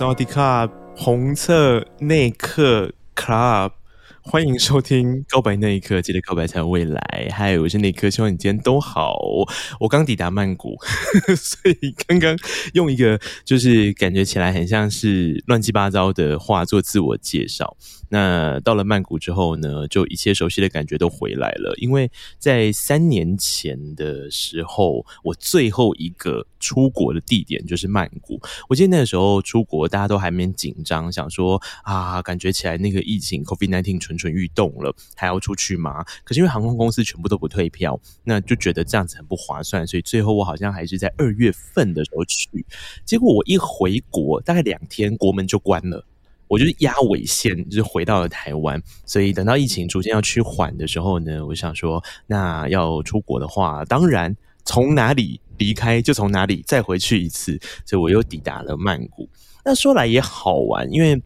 薩瓦迪卡，紅色內克 Club 歡迎收聽《告白那一刻》，記得告白才有未來。嗨，我是內克，希望你今天都好。我剛抵達曼谷， 所以剛剛用一個就是感覺起來很像是亂七八糟的話做自我介紹。那到了曼谷之後呢，就一切熟悉的感覺都回來了。因為在三年前的時候，我最後一個出國的地點就是曼谷。我記得那個時候出國，大家都還沒緊張，想說啊，感覺起來那個疫情 COVID-19 蠢蠢欲動了，還要出去嗎？可是因為航空公司全部都不退票，那就覺得這樣子很不划算，所以最後我好像還是在二月份的時候去。結果我一回國，大概兩天，國門就關了。我就是壓尾線，就是回到了台灣，所以等到疫情逐漸要趨緩的時候呢，我想說，那要出國的話，當然從哪裡離開就從哪裡再回去一次，所以我又抵達了曼谷。那說來也好玩，因為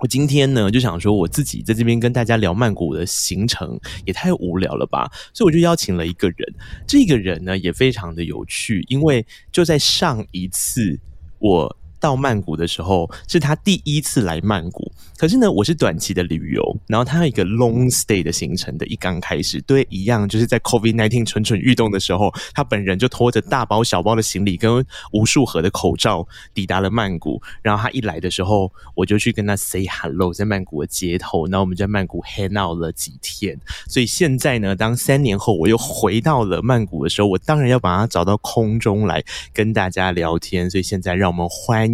我今天呢就想說，我自己在這邊跟大家聊曼谷的行程也太無聊了吧，所以我就邀請了一個人，這個人呢也非常的有趣，因為就在上一次我。到曼谷的時候是他第一次來曼谷，可是呢，我是短期的旅遊，然後他有一個 long stay 的行程的。一剛開始，對，一樣就是在 COVID nineteen 蠢蠢欲動的時候，他本人就拖着大包小包的行李，跟無數盒的口罩抵達了曼谷。然後他一來的時候，我就去跟他 say hello，在曼谷的街頭。然後我們在曼谷 hang out 了幾天。所以現在呢，當三年後我又回到了曼谷的時候，我當然要把他找到空中來跟大家聊天。所以現在讓我們歡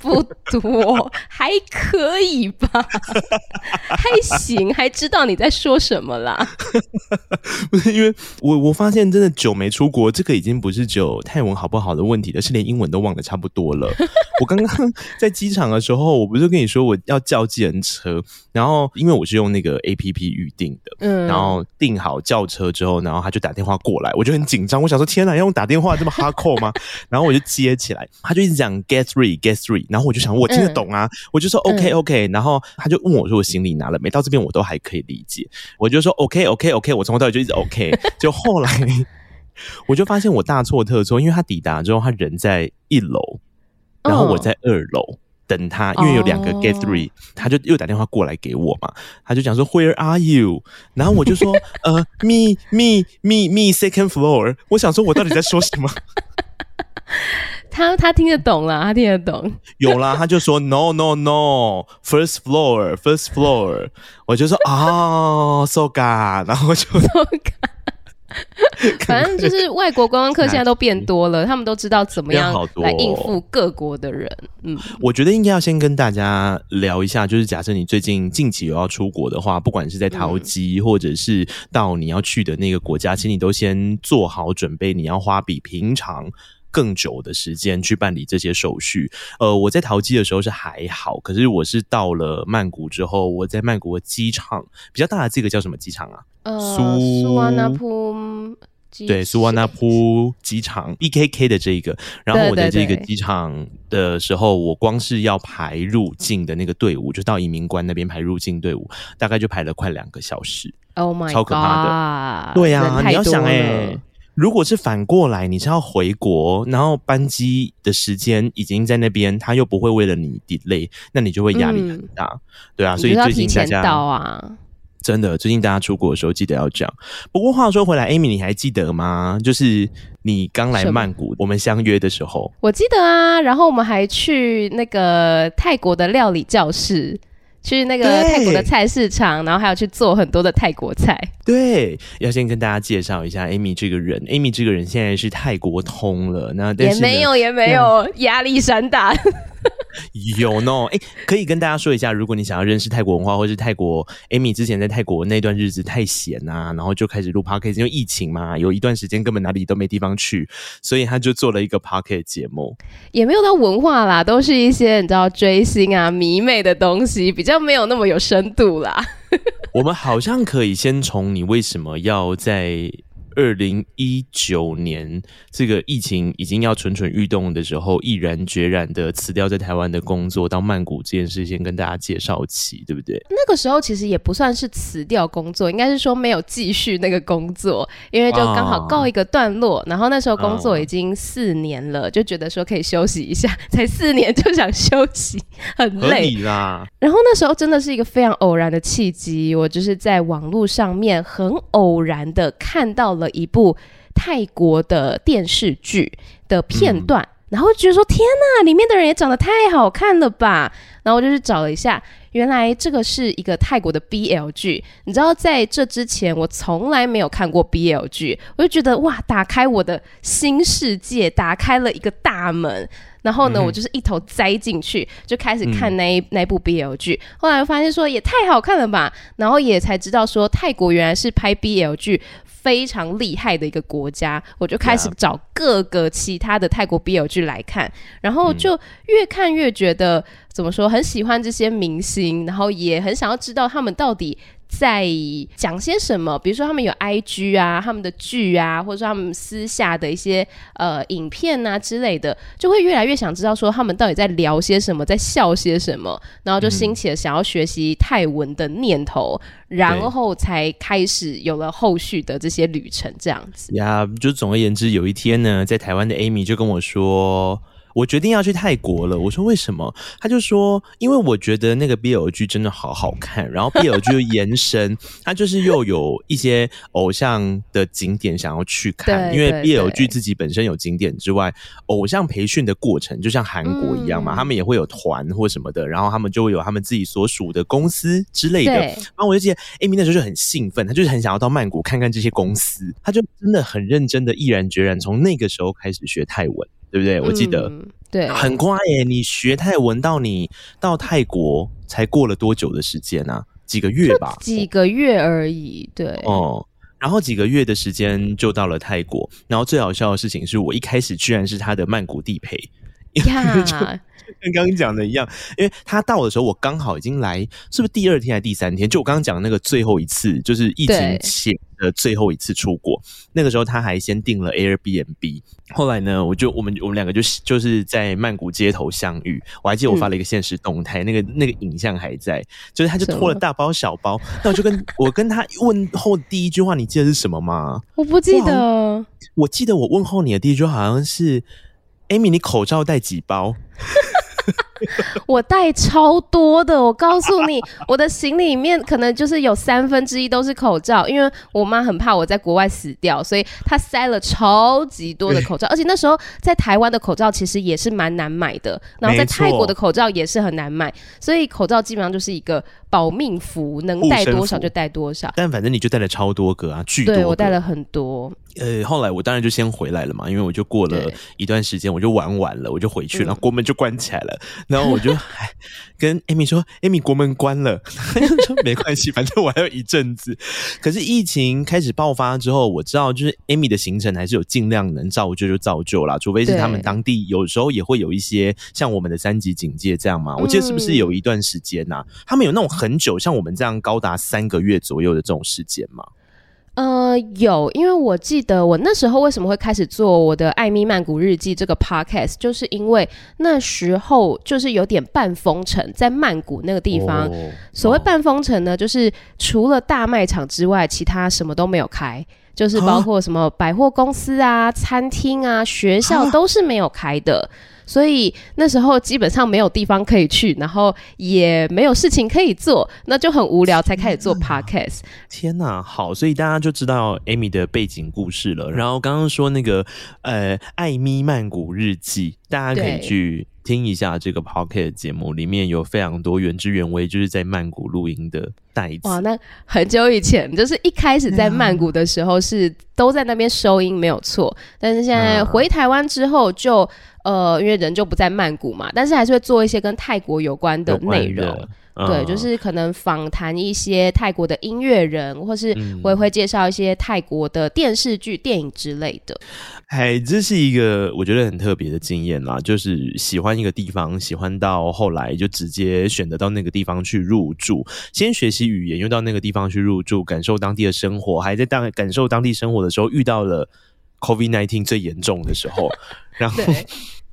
不多、喔，還可以吧，還行，還知道你在說什麼啦。 不是因為我我發現真的久沒出國，這個已經不是就泰文好不好的問題了，是連英文都忘得差不多了。 我剛剛在機場的時候，我不是跟你說我要叫計程車，然後因為我是用那個 APP 預定的，嗯，然後訂好叫車之後，然後他就打電話過來，我就很緊張，我想說天哪，要用打電話這麼 hardcore 嗎？ 然後我就接起來，他就一直講 get ready，get three，然後我就想我聽得懂啊，嗯、我就說 OK、嗯、OK，然後他就問我說我行李拿了沒？到這邊我都還可以理解，我就說 OK OK OK，我從頭到尾就一直 OK。 就後來我就發現我大錯特錯，因為他抵達之後，他人在一樓，然後我在二樓等他，oh. 因為有兩個 get three，他就又打電話過來給我嘛，他就講說 Where are you？然後我就說呃、 uh,，me me me me second floor。我想說我到底在說什麼？ 他他聽得懂啦，他聽得懂。有啦，他就說 no no no first floor first floor，我就說啊、哦、 so ga，然後我就 so ga。 反正就是外國觀光客現在都變多了，他們都知道怎麼樣來應付各國的人。嗯，我覺得應該要先跟大家聊一下，就是假設你最近近期有要出國的話，不管是在桃機或者是到你要去的那個國家，嗯、其實你都先做好準備，你要花比平常。更久的時間去辦理這些手續。呃，我在桃機的時候是還好，可是我是到了曼谷之後，我在曼谷的機場比較大的這個叫什麼機場啊？呃，蘇瓦納普機場，對，蘇瓦納普機場 BKK 的這一個。然後我在這個機場的時候對對對，我光是要排入境的那個隊伍，就到移民官那邊排入境隊伍，大概就排了快兩個小時。Oh my，超可怕的。God，對呀、啊，你要想哎、欸。如果是反過來，你是要回國，然後班機的時間已經在那邊，他又不會為了你 delay，那你就會壓力很大。嗯，對啊，所以最近大家、啊、真的最近大家出國的時候記得要這樣。不過話說回來，Amy 你還記得嗎？就是你剛來曼谷我們相約的時候，我記得啊，然後我們還去那個泰國的料理教室。去那個泰國的菜市場，然後還要去做很多的泰國菜。對，要先跟大家介紹一下 Amy 這個人。Amy 這個人現在是泰國通了，那但是呢，也沒有也沒有壓力山大。 有 you 呢 know?、欸，可以跟大家說一下，如果你想要認識泰國文化，或是泰國 Amy 之前在泰國那段日子太閒吶、啊，然後就開始錄 podcast，因為疫情嘛，有一段時間根本哪裡都沒地方去，所以他就做了一個 podcast 節目，也沒有到文化啦，都是一些你知道追星啊、迷妹的東西，比較沒有那麼有深度啦。 我們好像可以先從你為什麼要在。二零一九年，這個疫情已經要蠢蠢欲動的時候，毅然決然的辭掉在台灣的工作，到曼谷這件事先跟大家介紹起，對不對？那個時候其實也不算是辭掉工作，應該是說沒有繼續那個工作，因為就剛好告一個段落。然後那時候工作已經四年了、啊，就覺得說可以休息一下，才四年就想休息，很累啦。然後那時候真的是一個非常偶然的契機，我就是在網路上面很偶然的看到了。一部泰國的電視劇的片段，嗯、然後覺得說天哪，裡面的人也長得太好看了吧？然後我就去找了一下，原來這個是一個泰國的 BL 劇，你知道，在這之前我從來沒有看過 BL 劇，我就覺得哇，打開我的新世界，打開了一個大門。然後呢，嗯、我就是一頭栽進去，就開始看那一、嗯、那部 BL 劇，後來我發現說也太好看了吧，然後也才知道說泰國原來是拍 BL 劇。非常厲害的一個國家，我就開始找各個其他的泰國 BL 劇來看，然後就越看越覺得、嗯、怎麼說，很喜歡這些明星，然後也很想要知道他們到底在講些什麼？比如說他們有 IG 啊，他們的劇啊，或者說他們私下的一些呃影片啊之類的，就會越來越想知道說他們到底在聊些什麼，在笑些什麼，然後就興起了想要學習泰文的念頭，嗯，然後才開始有了後續的這些旅程，這樣子。呀，就總而言之，有一天呢，在台灣的 Amy 就跟我說。我決定要去泰國了。我說為什麼？他就說，因為我覺得那個 BLG 真的好好看。然後 BLG 又延伸，他 就是又有一些偶像的景點想要去看。對對對，因為 BLG 自己本身有景點之外，偶像培訓的過程就像韓國一樣嘛，嗯，他們也會有團或什麼的。然後他們就會有他們自己所屬的公司之類的。然後我就記得 Amy 那時候就很興奮，他就是很想要到曼谷看看這些公司，他就真的很認真的毅然決然從那個時候開始學泰文。對不對？我記得，嗯、對，很快耶。你學泰文到你到泰國才過了多久的時間啊？幾個月吧，幾個月而已。對，哦，然後幾個月的時間就到了泰國。嗯、然後最好笑的事情是我一開始居然是他的曼谷地陪，嗯 Yeah . 跟剛剛講的一樣，因為他到的時候，我剛好已經來，是不是第二天還是第三天？就我剛剛講那個最後一次，就是疫情前的最後一次出國，那個時候他還先訂了 Airbnb。後來呢，我就我們我們兩個就是、就是在曼谷街頭相遇。我還記得我發了一個現實動態、嗯，那個那個影像還在，就是他就拖了大包小包。那我就跟 我跟他問候第一句話，你記得是什麼嗎？我不記得。我，我記得我問候你的第一句話好像是：“艾咪，你口罩戴幾包？” 我帶超多的，我告訴你，我的行李裡面可能就是有三分之一都是口罩，因為我媽很怕我在國外死掉，所以她塞了超級多的口罩。 而且那時候在台灣的口罩其實也是蠻難買的，然後在泰國的口罩也是很難買，所以口罩基本上就是一個。保命符，能帶多少就帶多少，但反正你就帶了超多個啊，巨多、多。對，我帶了很多。呃，後來我當然就先回來了嘛，因為我就過了一段時間，我就玩完了，我就回去了，嗯、然後國門就關起來了。然後我就、嗯、跟 Amy 說 ：“Amy，國門關了。 ”他說：“沒關係，反正我還有一陣子。 ”可是疫情開始爆發之後，我知道就是 Amy 的行程還是有儘量能照舊就照舊啦，除非是他們當地有時候也會有一些像我們的三級警戒這樣嘛、嗯。我記得是不是有一段時間吶、啊，他們有那種很。很久，像我們這樣高達三個月左右的這種時間嗎？呃，有，因為我記得我那時候為什麼會開始做我的艾咪曼谷日記這個 podcast，就是因為那時候就是有點半封城，在曼谷那個地方，哦、所謂半封城呢、哦，就是除了大賣場之外，其他什麼都沒有開，就是包括什麼百貨公司啊、啊餐廳啊、學校都是沒有開的。啊所以那時候基本上沒有地方可以去，然後也沒有事情可以做，那就很無聊，才開始做 podcast。天哪、天哪，好，所以大家就知道 Amy 的背景故事了。然後剛剛說那個呃，艾咪曼谷日記，大家可以去聽一下這個 podcast 節目，裡面有非常多原汁原味，就是在曼谷錄音的帶子。哇，那很久以前、嗯，就是一開始在曼谷的時候是都在那邊收音，嗯、沒有錯。但是現在回台灣之後就。呃，因為人就不在曼谷嘛，但是還是會做一些跟泰國有關的內容，對、嗯，就是可能訪談一些泰國的音樂人，或是我也會介紹一些泰國的電視劇、嗯、電影之類的。哎，這是一個我覺得很特別的經驗啦，就是喜歡一個地方，喜歡到後來就直接選擇到那個地方去入住，先學習語言，又到那個地方去入住，感受當地的生活，還在當感受當地生活的時候遇到了。COVID -19 最嚴重的時候， 然後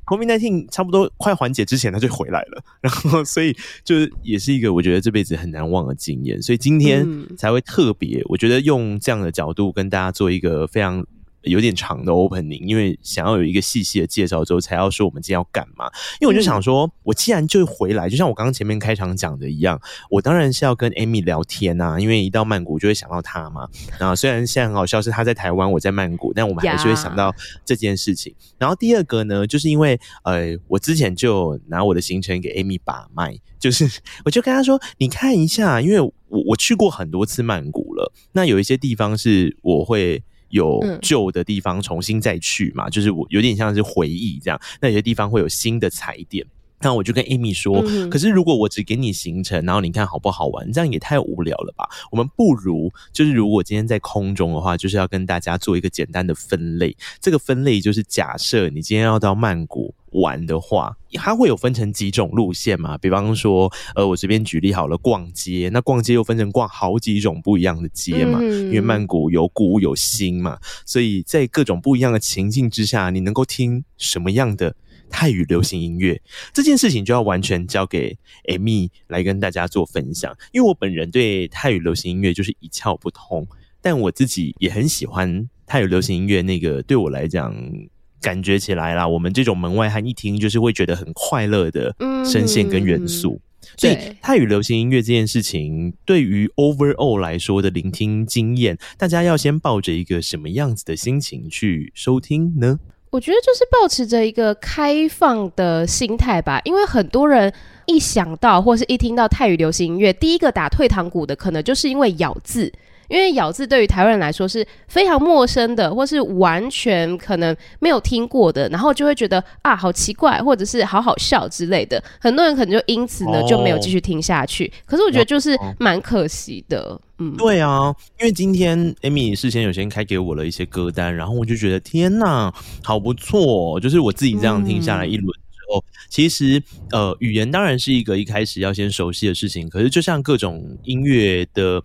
COVID -19 差不多快緩解之前，他就回來了，然後所以就是也是一個我覺得這輩子很難忘的經驗，所以今天才會特別，嗯、我覺得用這樣的角度跟大家做一個非常。有點長的 opening，因為想要有一個細細的介紹之後，才要說我們今天要幹嘛。因為我就想說、嗯，我既然就回來，就像我剛剛前面開場講的一樣，我當然是要跟 Amy 聊天啊，因為一到曼谷就會想到他嘛。然後雖然現在很好笑，是他在台灣，我在曼谷，但我們還是會想到這件事情。然後第二個呢，就是因為呃，我之前就拿我的行程給 Amy 把脈，就是我就跟他說，你看一下，因為我我去過很多次曼谷了，那有一些地方是我會。有舊的地方重新再去嘛，嗯，就是我有點像是回憶這樣。那有些地方會有新的踩點。那我就跟 Amy 說，可是如果我只給你行程，然後你看好不好玩？嗯、這樣也太無聊了吧？我們不如就是，如果今天在空中的話，就是要跟大家做一個簡單的分類。這個分類就是假設你今天要到曼谷玩的話，它會有分成幾種路線嘛？比方說，呃，我隨便舉例好了，逛街，那逛街又分成逛好幾種不一樣的街嘛。嗯、因為曼谷有古有新嘛，所以在各種不一樣的情境之下，你能夠聽什麼樣的？泰語流行音樂這件事情，就要完全交給 Amy 來跟大家做分享。因為我本人對泰語流行音樂就是一竅不通，但我自己也很喜歡泰語流行音樂。那個對我來講，感覺起來啦，我們這種門外漢一聽，就是會覺得很快樂的聲線跟元素。所、嗯、以、嗯嗯、對、泰語流行音樂這件事情，對於 Overall 來說的聆聽經驗，大家要先抱着一個什麼樣子的心情去收聽呢？我覺得就是抱持着一個開放的心態吧，因為很多人一想到或是一聽到泰語流行音樂，第一個打退堂鼓的，可能就是因為咬字。因為咬字對於台灣人來說是非常陌生的，或是完全可能沒有聽過的，然後就會覺得啊好奇怪，或者是好好笑之類的。很多人可能就因此呢就沒有繼續聽下去，哦。可是我覺得就是蠻可惜的，哦，嗯。對啊，因為今天 Amy 事先有先開給我了一些歌單，然後我就覺得天哪，啊，好不錯，哦。就是我自己這樣聽下來一輪之後，嗯、其實呃，語言當然是一個一開始要先熟悉的事情。可是就像各種音樂的。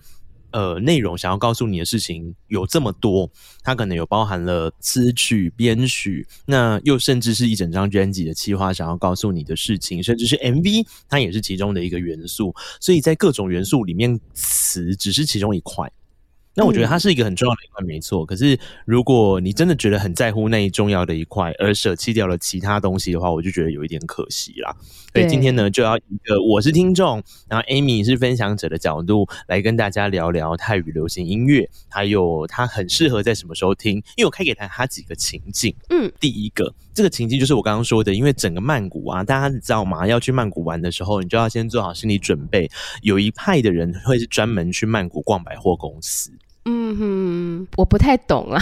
呃，內容想要告訴你的事情有這麼多，它可能有包含了詞曲編曲，那又甚至是一整張專輯的企劃想要告訴你的事情，甚至是 MV，它也是其中的一個元素。所以在各種元素裡面，詞只是其中一塊。那我覺得它是一個很重要的一塊沒錯。可是如果你真的覺得很在乎那一重要的一塊，而捨棄掉了其他東西的話，我就覺得有一點可惜啦。所以今天呢，就要一個我是聽眾，然後 Amy 是分享者的角度來跟大家聊聊泰語流行音樂，還有它很適合在什麼時候聽。因為我可以給它它幾個情境，嗯，第一個這個情境就是我剛剛說的，因為整個曼谷啊，大家知道嗎？要去曼谷玩的時候，你就要先做好心理準備，有一派的人會是專門去曼谷逛百貨公司。嗯哼、嗯，我不太懂 啊，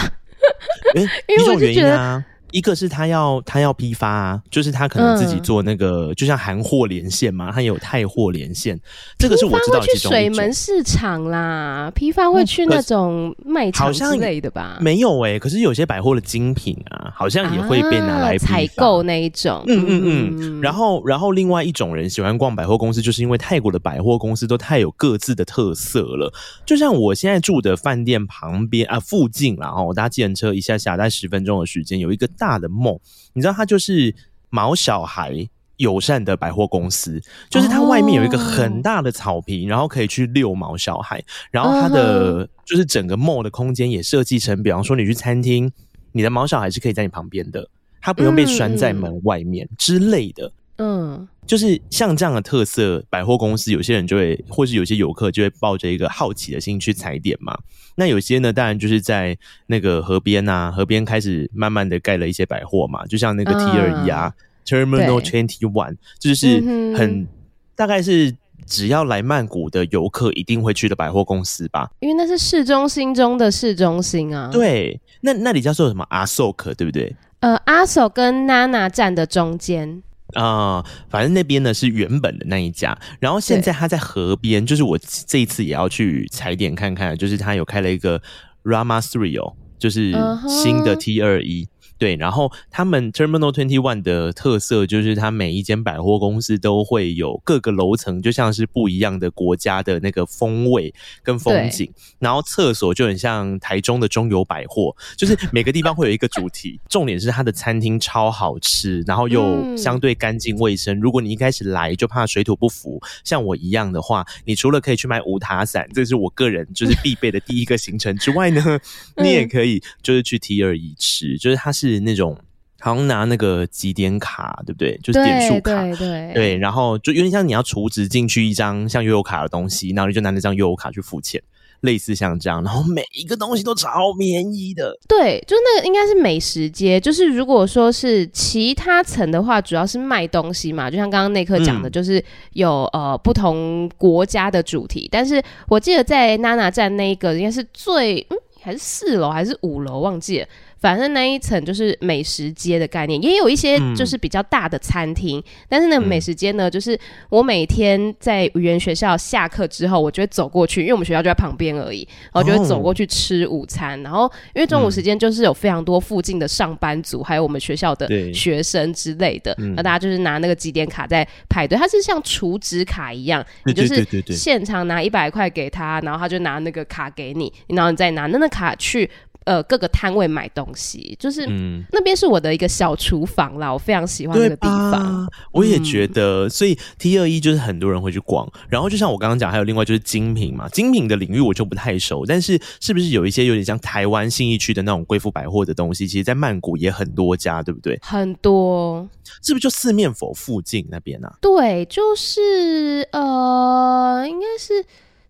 因為我就覺得。一個是他要他要批發、啊，就是他可能自己做那個，嗯、就像韓貨連線嘛，他也有泰貨連線。這個是我知道的其中一種。會去水門市場啦，批發會去那種賣場之類的吧？嗯、沒有哎、欸，可是有些百貨的精品啊，好像也會被拿來採購、啊、那一種。嗯嗯嗯，嗯嗯。然後，然後另外一種人喜歡逛百貨公司，就是因為泰國的百貨公司都太有各自的特色了。就像我現在住的飯店旁邊啊附近啦、哦，然後我搭計程車一下下，大概十分鐘的時間，有一個大。大的夢，你知道，它就是毛小孩友善的百貨公司，就是它外面有一個很大的草坪，然後可以去遛毛小孩，然後它的就是整個 mall 的空間也設計成，比方說你去餐廳，你的毛小孩是可以在你旁邊的，它不用被拴在門外面之類的。嗯嗯，就是像這樣的特色百貨公司，有些人就會，或是有些遊客就會抱着一個好奇的心去踩點嘛。那有些呢，當然就是在那個河邊啊，河邊開始慢慢的蓋了一些百貨嘛。就像那個 T 二一啊、嗯、，Terminal Twenty One，就是很、嗯、大概是只要來曼谷的遊客一定會去的百貨公司吧。因為那是市中心中的市中心啊。對，那那裡叫做什麼阿壽可，Asoc，對不對？呃，阿壽跟娜娜站的中間。啊、呃，反正那邊呢是原本的那一家，然後現在他在河邊，就是我這一次也要去踩點看看，就是他有開了一個 Rama Three 哦，就是新的 T 二一。Uh-huh 對，然後他們 Terminal Twenty One 的特色就是，它每一間百貨公司都會有各個樓層，就像是不一樣的國家的那個風味跟風景。然後廁所就很像台中的中油百貨，就是每個地方會有一個主題。 重點是它的餐廳超好吃，然後又相對乾淨衛生，嗯。如果你一開始來就怕水土不服，像我一樣的話，你除了可以去買五塔傘，這是我個人就是必備的第一個行程之外呢， 你也可以就是去 T 爾一吃，嗯，就是它是。是那種，好像拿那個集點卡，對不對？對就是點數卡，對對，對。然後就有點像你要儲值進去一張像悠遊卡的東西，然後你就拿那張悠遊卡去付錢，類似像這樣。然後每一個東西都超便宜的，對，就那個應該是美食街。就是如果說是其他層的話，主要是賣東西嘛。就像剛剛內克講的，就是有、嗯、呃不同國家的主題。但是我記得在娜娜站那個應該是最嗯還是四樓還是五樓忘記了。反正那一層就是美食街的概念，也有一些就是比較大的餐廳、嗯。但是那、嗯、美食街呢，就是我每天在語言學校下課之後，我就會走過去，因為我們學校就在旁邊而已。我就會走過去吃午餐。哦、然後因為中午時間就是有非常多附近的上班族、嗯，還有我們學校的學生之類的。那大家就是拿那個集點卡在排隊，它是像儲值卡一樣，你就是現場拿一百塊給他，然後他就拿那個卡給你，然後你再拿那個卡去。呃，各個攤位買東西，就是、嗯、那邊是我的一個小廚房啦，我非常喜歡那個地方。對，我也覺得，所以 T 二一就是很多人會去逛。嗯、然後，就像我剛剛講，還有另外就是精品嘛，精品的領域我就不太熟。但是，是不是有一些有點像台灣信義區的那種貴婦百貨的東西，其實，在曼谷也很多家，對不對？很多，是不是就四面佛附近那邊呢、啊？對，就是呃，應該是。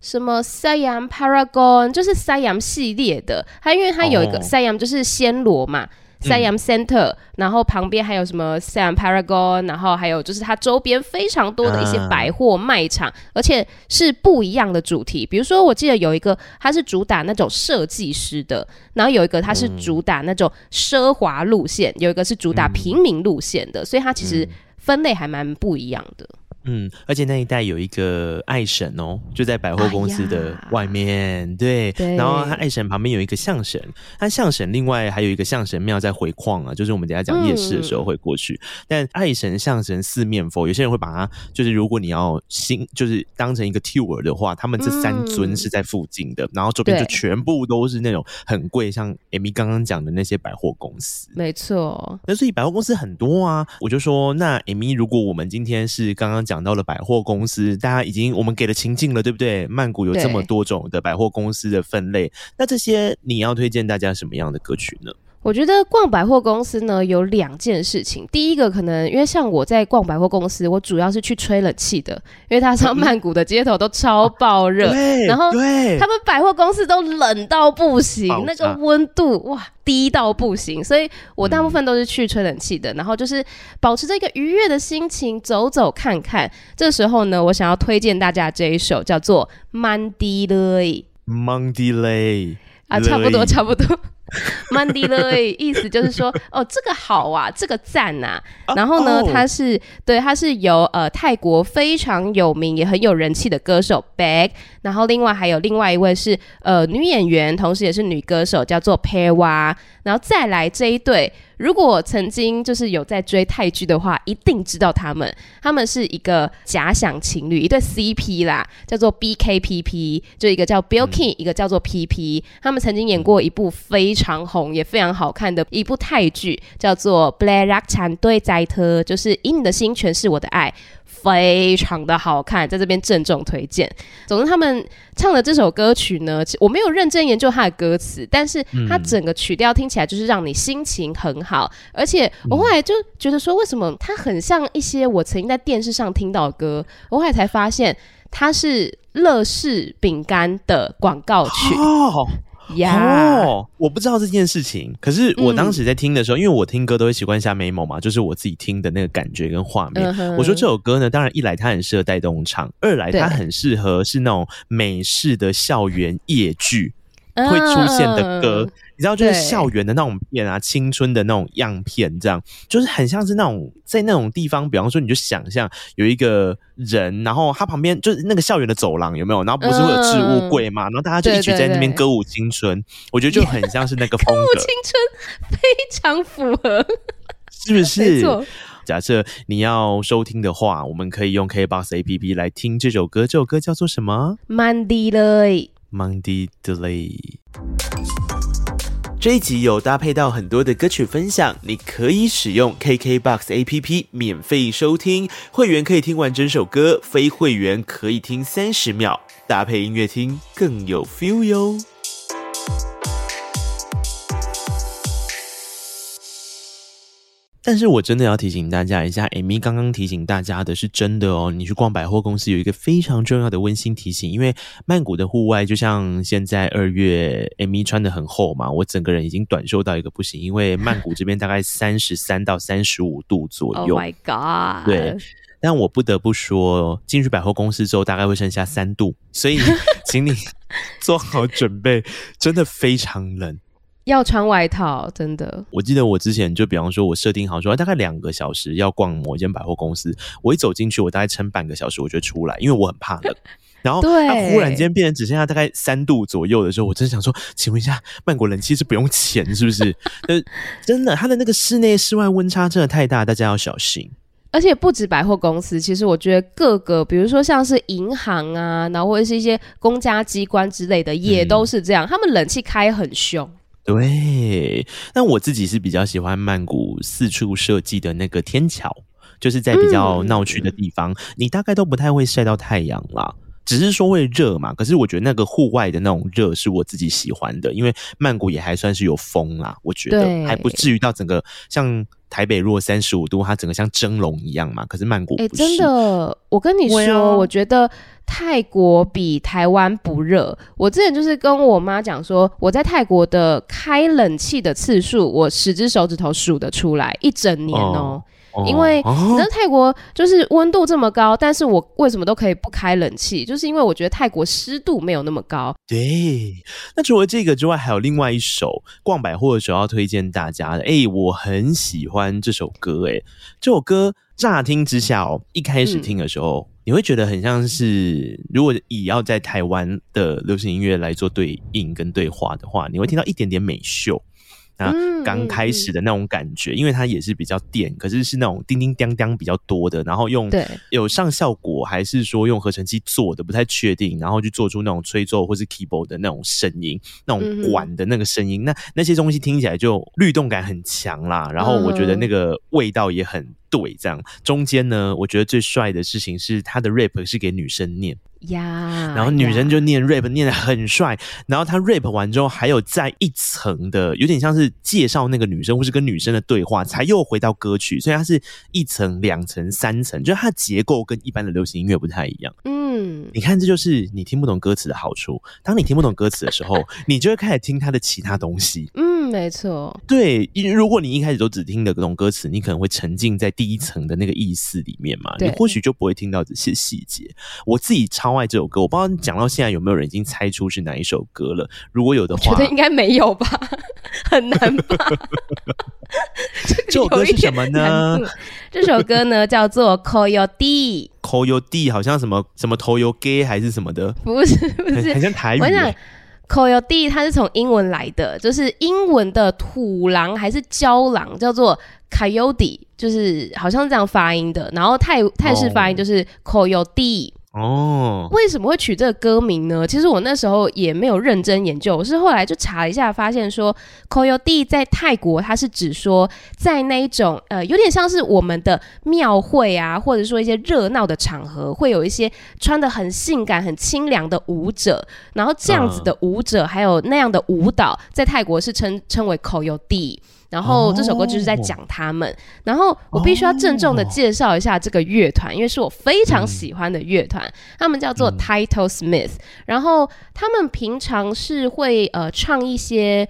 什麼 Siam Paragon 就是 Siam 系列的，它因為它有一個 Siam 就是暹羅嘛，哦、Siam Center、嗯、然後旁邊還有什麼 Siam Paragon，然後還有就是它周邊非常多的一些百貨賣場、啊，而且是不一樣的主題。比如說，我記得有一個它是主打那種設計師的，然後有一個它是主打那種奢華路線、嗯，有一個是主打平民路線的，所以它其實分類還蠻不一樣的。嗯嗯，而且那一帶有一個愛神哦、喔，就在百貨公司的外面。哎、對，對，然後他愛神旁邊有一個象神，他象神另外還有一個象神廟在回礦啊，就是我們等下講夜市的時候會過去、嗯。但愛神、象神、四面佛，有些人會把它，就是如果你要新，就是當成一個 tour 的話，他們這三尊是在附近的，嗯、然後周邊就全部都是那種很貴，像 Amy 剛剛講的那些百貨公司，沒錯。那所以百貨公司很多啊，我就說那 Amy，如果我們今天是剛剛講。講到了百貨公司，大家已經我們給了情境了，對不對？曼谷有這麼多種的百貨公司的分類，那這些你要推薦大家什麼樣的歌曲呢？我覺得逛百貨公司呢，有兩件事情，第一個可能因為像我在逛百貨公司，我主要是去吹冷氣的，因為知道曼谷的街頭都超爆熱、啊，然後對他們百貨公司都冷到不行，哦、那個溫度、啊、哇低到不行，所以我大部分都是去吹冷氣的、嗯，然後就是保持這個愉悅的心情走走看看。這時候呢，我想要推薦大家這一首叫做《Mandi Lay》，Mandi Lay，啊，差不多，差不多。Mandiray、欸、 意思就是說，哦，這個好啊，這個讚吶、啊。然後呢，uh, oh. 它是對，它是由呃泰國非常有名也很有人氣的歌手 Bag，然後另外還有另外一位是呃女演員，同時也是女歌手叫做 Pewa，然後再來這一對。如果我曾經就是有在追泰劇的話，一定知道他們。他們是一個假想情侶，一對 CP 啦，叫做 BKPP，就一個叫 Billkin，、嗯、一個叫做 PP。他們曾經演過一部非常紅也非常好看的一部泰劇，叫做《Plae Rak Chan Duay Jai Thoe》，就是以你的心詮釋我的愛。非常的好看，在這邊鄭重推薦。總之，他們唱的這首歌曲呢，我沒有認真研究它的歌詞，但是它整個曲調聽起來就是讓你心情很好。而且我後來就覺得說，為什麼它很像一些我曾經在電視上聽到的歌？我後來才發現，它是樂事餅乾的廣告曲。Oh. Yeah. 哦，我不知道這件事情，可是我當時在聽的時候，嗯、因為我聽歌都會習慣下眉毛嘛，就是我自己聽的那個感覺跟畫面。Uh-huh. 我說這首歌呢，當然一來它很適合帶動唱，二來它很適合是那種美式的校園夜劇。會出現的歌，你知道，就是校園的那種片啊，青春的那種樣片，這樣就是很像是那種在那種地方，比方說，你就想象有一個人，然後他旁邊就是那個校園的走廊，有沒有？然後不是會有置物櫃嘛？然後大家就一直在那邊歌舞青春，我覺得就很像是那個風格。歌舞青春非常符合，是不是？假設你要收聽的話，我們可以用 KBox APP 來聽這首歌。這首歌叫做什麼？Mandi Le。Monday Delay，這一集有搭配到很多的歌曲分享，你可以使用 KKBOX APP 免費收聽，會員可以聽完整首歌，非會員可以聽三十秒，搭配音樂聽更有 feel 喲。但是我真的要提醒大家一下，Amy 剛剛提醒大家的是真的哦。你去逛百貨公司有一個非常重要的溫馨提醒，因為曼谷的戶外就像現在二月，Amy 穿得很厚嘛，我整個人已經短袖到一個不行，因為曼谷這邊大概三十三到三十五度左右。Oh my god！對，但我不得不說，進去百貨公司之後大概會剩下三度，所以請你做好準備，真的非常冷。要穿外套，真的。我記得我之前就，比方說，我設定好說，大概兩個小時要逛某一間百貨公司。我一走進去，我大概撐半個小時，我就出來，因為我很怕冷。然後，對，忽然間變成只剩下大概三度左右的時候，我真的想說，請問一下，曼谷冷氣是不用錢是不是？ 但是真的，它的那個室內室外溫差真的太大，大家要小心。而且不止百貨公司，其實我覺得各個，比如說像是銀行啊，然後或者是一些公家機關之類的，也都是這樣，嗯、他們冷氣開很凶。對，那我自己是比較喜歡曼谷四處設計的那個天橋，就是在比較鬧區的地方、嗯，你大概都不太會曬到太陽啦，只是說會熱嘛。可是我覺得那個戶外的那種熱是我自己喜歡的，因為曼谷也還算是有風啦，我覺得還不至於到整個像。台北若三十五度，它整個像蒸籠一樣嘛。可是曼谷，哎、欸，真的，我跟你說， 我覺得泰國比台灣不熱。我之前就是跟我媽講說，我在泰國的開冷氣的次數，我十只手指頭數得出來，一整年哦、喔。Oh. 因為那、哦哦、泰國就是溫度這麼高，但是我為什麼都可以不開冷氣？就是因為我覺得泰國濕度沒有那麼高。對，那除了這個之外，還有另外一首逛百貨的時候要推薦大家的。哎、欸，我很喜歡這首歌、欸。哎，這首歌乍聽之下哦、喔，一開始聽的時候，嗯、你會覺得很像是如果以要在台灣的流行音樂來做對應跟對話的話，你會聽到一點點美秀。啊，剛開始的那種感覺、嗯，因為它也是比較電，可是是那種叮叮噹噹比較多的，然後用有上效果，還是說用合成器做的不太確定，然後就做出那種吹奏或是 keyboard 的那種聲音，那種管的那個聲音，嗯、那那些東西聽起來就律動感很強啦，然後我覺得那個味道也很。對，這樣中間呢，我覺得最帥的事情是他的 rap 是給女生念，呀、yeah，然後女生就念 rap、yeah. 念的很帥，然後他 rap 完之後，還有再一層的，有點像是介紹那個女生，或是跟女生的對話，才又回到歌曲，所以它是一層、兩層、三層，就是它的結構跟一般的流行音樂不太一樣。嗯、mm.，你看，這就是你聽不懂歌詞的好處。當你聽不懂歌詞的時候， 你就會開始聽他的其他東西。嗯、mm.。沒錯，對，因為如果你一開始都只聽的這種歌詞，你可能會沉浸在第一層的那個意思裡面嘛，對，你或許就不會聽到這些細節。我自己超愛這首歌，我不知道你講到現在有沒有人已經猜出是哪一首歌了。如果有的話，我覺得應該沒有吧？很難吧。 這首歌是什麼呢？這首歌呢叫做、Koyote《Call Your D》，《Call Your D》好像什麼什麼《Call Your G》還是什麼的，不是不是很，很像台語。Coyote 它是從英文來的，就是英文的土狼還是郊狼，叫做 Coyote，就是好像是這樣發音的。然後泰泰式發音就是 Coyote。哦、oh.，為什麼會取這個歌名呢？其實我那時候也沒有認真研究，我是後來就查了一下，發現說，Coyote 在泰國，它是指說在那一種呃，有點像是我們的廟會啊，或者說一些熱鬧的場合，會有一些穿得很性感、很清涼的舞者，然後這樣子的舞者，uh. 還有那樣的舞蹈，在泰國是稱稱為 Coyote。然後這首歌就是在講他們。Oh, 然後我必須要鄭重的介紹一下這個樂團，oh, 因為是我非常喜歡的樂團，嗯、他們叫做 Title Smith、嗯。然後他們平常是會呃唱一些，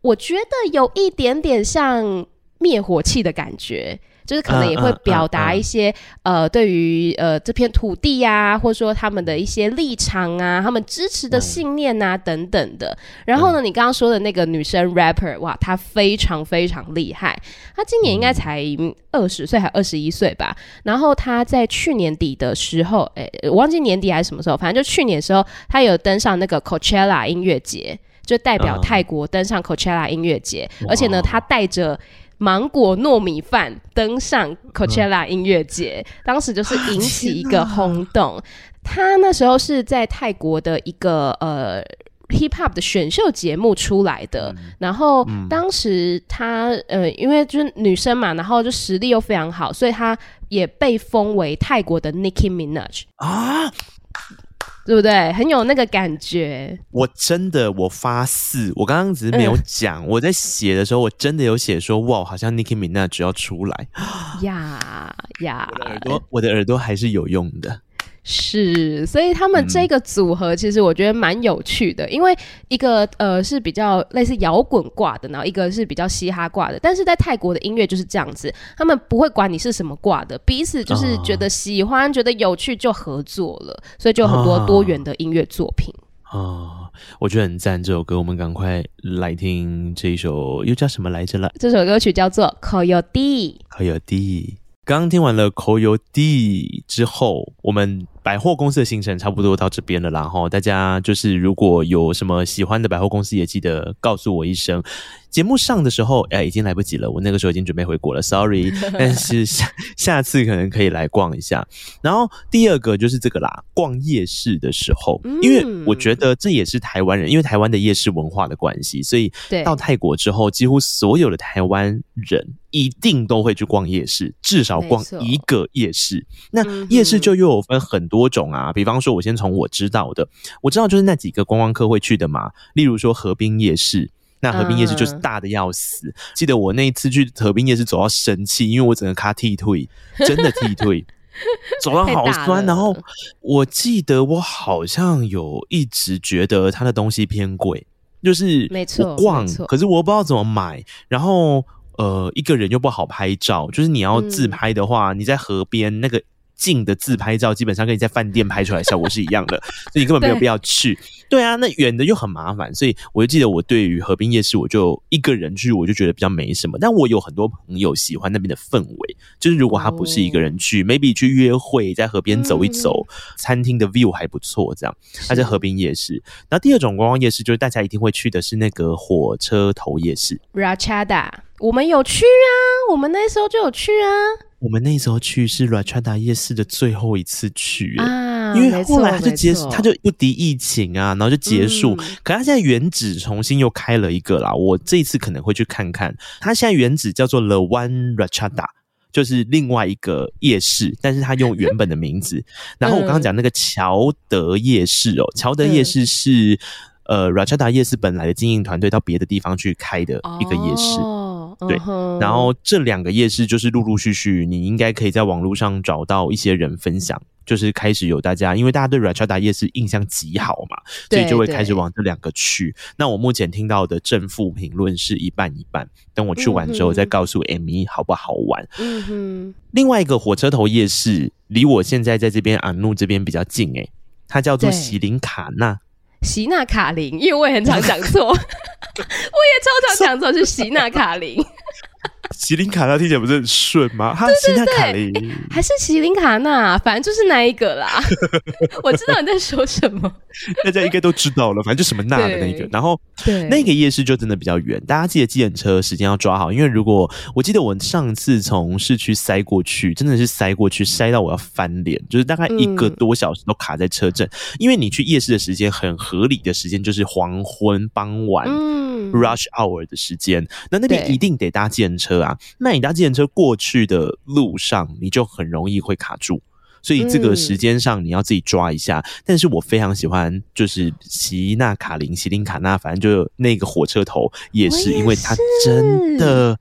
我覺得有一點點像滅火器的感覺。就是可能也會表達一些 uh, uh, uh, uh. 呃，對於呃這片土地呀，啊，或者說他們的一些立場啊，他們支持的信念啊，uh. 等等的。然後呢，uh. 你剛剛說的那個女生 rapper，哇，她非常非常厲害。她今年應該才二十歲，還二十一歲吧。Uh. 然後她在去年底的時候，誒、欸，我忘記年底還是什麼時候，反正就去年時候，她有登上那個 Coachella 音樂節，就代表泰國登上 Coachella 音樂節。Uh. 而且呢，她帶着。芒果糯米飯登上 Coachella 音樂節，啊，當時就是引起一個轟動。他那時候是在泰國的一個呃 hip hop 的選秀節目出來的，嗯、然後當時他、嗯、呃因為就是女生嘛，然後就實力又非常好，所以他也被封為泰國的 Nicki Minaj 啊。對不對？很有那個感覺。我真的，我發誓，我剛剛只是沒有講。嗯，我在寫的時候，我真的有寫說，哇，好像 Nicki Minaj 要出來。呀呀，耳朵，我的耳朵還是有用的。是，所以他們這個組合其實我覺得蠻有趣的。嗯，因為一個呃是比較類似搖滾掛的，然後一個是比較嘻哈掛的，但是在泰國的音樂就是這樣子，他們不會管你是什麼掛的，彼此就是覺得喜歡、哦、覺得有趣就合作了，所以就很多多元的音樂作品。啊、哦哦，我覺得很讚這首歌，我們趕快來聽這一首又叫什麼來着了？這首歌曲叫做《Koyd》。《Koyd》，剛聽完了《Koyd》之後，我們。百貨公司的行程差不多到這邊了啦，齁，大家就是如果有什麼喜歡的百貨公司，也記得告訴我一聲。節目上的時候，哎、呃，已經來不及了。我那個時候已經準備回國了，sorry。但是下下次可能可以來逛一下。然後第二個就是這個啦，逛夜市的時候，因為我覺得這也是台灣人，因為台灣的夜市文化的關係，所以到泰國之後，幾乎所有的台灣人一定都會去逛夜市，至少逛一個夜市。那夜市就又有分很多種啊，比方說，我先從我知道的，我知道就是那幾個觀光客會去的嘛，例如說河濱夜市。那河濱夜市就是大的要死，嗯、記得我那一次去河濱夜市，走到神氣，因為我整個卡鐵腿，真的鐵腿， 走到好酸。然後我記得我好像有一直覺得他的東西偏貴，就是我逛，可是我不知道怎麼買。然後呃，一個人又不好拍照，就是你要自拍的話，嗯、你在河邊那個。近的自拍照基本上跟你在飯店拍出來的效果是一樣的， 所以你根本沒有必要去。對，對啊，那遠的又很麻煩，所以我就記得我對於河濱夜市，我就一個人去，我就覺得比較沒什麼。但我有很多朋友喜歡那邊的氛圍，就是如果他不是一個人去、哦、，maybe 去約會，在河邊走一走，嗯、餐廳的 view 還不錯，這樣。那是河濱夜市。然後第二種觀光夜市就是大家一定會去的是那個火車頭夜市。Rachada，我們有去啊，我們那時候就有去啊。我們那時候去是 Ratchada 夜市的最後一次去，啊，因為後來他就結，他就不敵疫情啊，然後就結束。嗯、可是他現在原址重新又開了一個啦，我這一次可能會去看看。他現在原址叫做 The One Ratchada，就是另外一個夜市，但是他用原本的名字。 然後我剛剛講那個喬德夜市哦、喔，喬、嗯、德夜市是呃 Ratchada 夜市本來的經營團隊到別的地方去開的一個夜市。哦對，uh -huh. 然後這兩個夜市就是陸陸續續，你應該可以在網絡上找到一些人分享，就是開始有大家，因為大家對 Ratchada 夜市印象極好嘛，所以就會開始往這兩個去。那我目前聽到的正負評論是一半一半，等我去完之後再告訴 m y 好不好玩。嗯哼，另外一個火車頭夜市離我現在在這邊阿 n 這邊比較近誒、欸，它叫做喜林卡納。席娜卡琳，因為我也很常講錯， 我也超常講錯，是席娜卡琳。 吉林卡納聽起來不是很順嗎哈？對對對，欸、還是吉林卡納、啊，反正就是哪一個啦。 我知道你在說什麼 ，大家應該都知道了。反正就什麼那的那個，對然後對那個夜市就真的比較遠，大家記得計程車時間要抓好，因為如果我記得我上次從市區塞過去，真的是塞過去，塞到我要翻臉，就是大概一個多小時都卡在車陣，嗯。因為你去夜市的時間很合理的時間，就是黃昏、傍晚，嗯，rush hour 的時間，那那邊一定得搭計程車啊。那你搭計程車過去的路上，你就很容易會卡住，所以這個時間上你要自己抓一下。嗯、但是我非常喜歡，就是席納卡林、席林卡納，反正就那個火車頭，也是，也是因為它真的，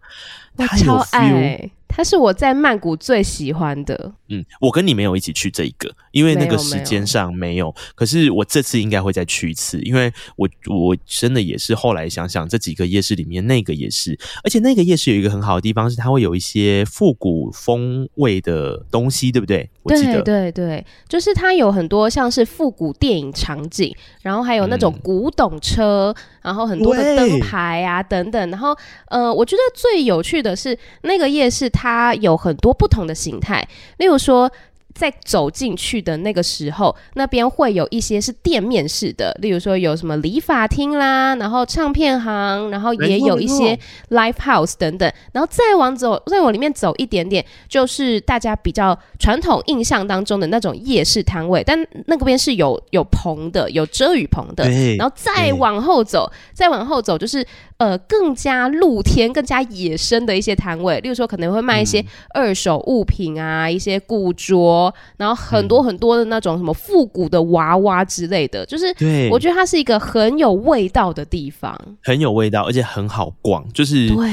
他有 feel。它是我在曼谷最喜歡的。嗯，我跟你沒有一起去這一個，因為那個時間上沒有。沒有沒有。可是我這次應該會再去一次，因為我我真的也是後來想想，這幾個夜市裡面那個也是，而且那個夜市有一個很好的地方是，它會有一些復古風味的東西，對不對？我記得。對對對，就是它有很多像是復古電影場景，然後還有那種古董車，嗯、然後很多的燈牌啊等等。然後呃，我覺得最有趣的是那個夜市它。它有很多不同的形態，例如說。在走進去的那個時候，那邊會有一些是店面式的，例如說有什麼理髮廳啦，然後唱片行，然後也有一些 live house 等等。然後再往走，再往裡面走一點點，就是大家比較傳統印象當中的那種夜市攤位，但那邊是有有棚的，有遮雨棚的。然後再往後走，欸欸、再往後走，就是呃更加露天、更加野生的一些攤位，例如說可能會賣一些二手物品啊，嗯、一些古着。然後很多很多的那種什麼復古的娃娃之類的，就是，對，我覺得它是一個很有味道的地方，很有味道，而且很好逛，就是對，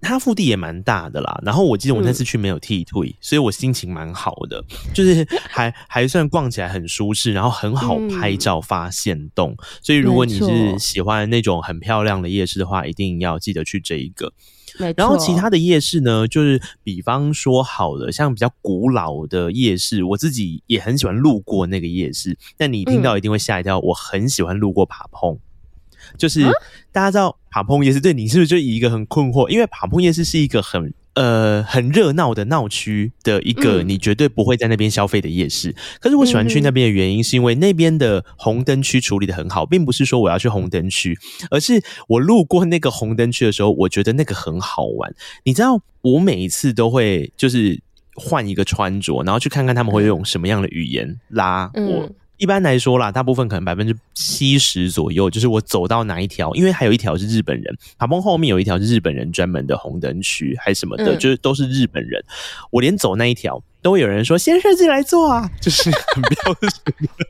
它腹地也蠻大的啦。然後我記得我那次去沒有剃腿，所以我心情蠻好的，就是還還算逛起來很舒適，然後很好拍照發現洞。所以如果你是喜歡那種很漂亮的夜市的話，一定要記得去這一個。然後其他的夜市呢，就是比方說，好的，像比較古老的夜市，我自己也很喜歡路過那個夜市。但你聽到一定會嚇一跳，嗯、我很喜歡路過帕蓬，就是、嗯、大家知道帕蓬夜市，對，你是不是就一個很困惑？因為帕蓬夜市是一個很。呃，很熱鬧的鬧區的一個，你絕對不會在那邊消費的夜市。嗯。可是我喜歡去那邊的原因，是因為那邊的紅燈區處理得很好，並不是說我要去紅燈區，而是我路過那個紅燈區的時候，我覺得那個很好玩。你知道，我每一次都會就是換一個穿着，然後去看看他們會用什麼樣的語言拉我。嗯一般來說啦，大部分可能百分之七十左右，就是我走到哪一條，因為還有一條是日本人，卡崩後面有一條是日本人專門的紅燈區還什麼的，嗯，就是都是日本人，我連走那一條。都會有人說：“先生進來坐啊！”就是很標準的。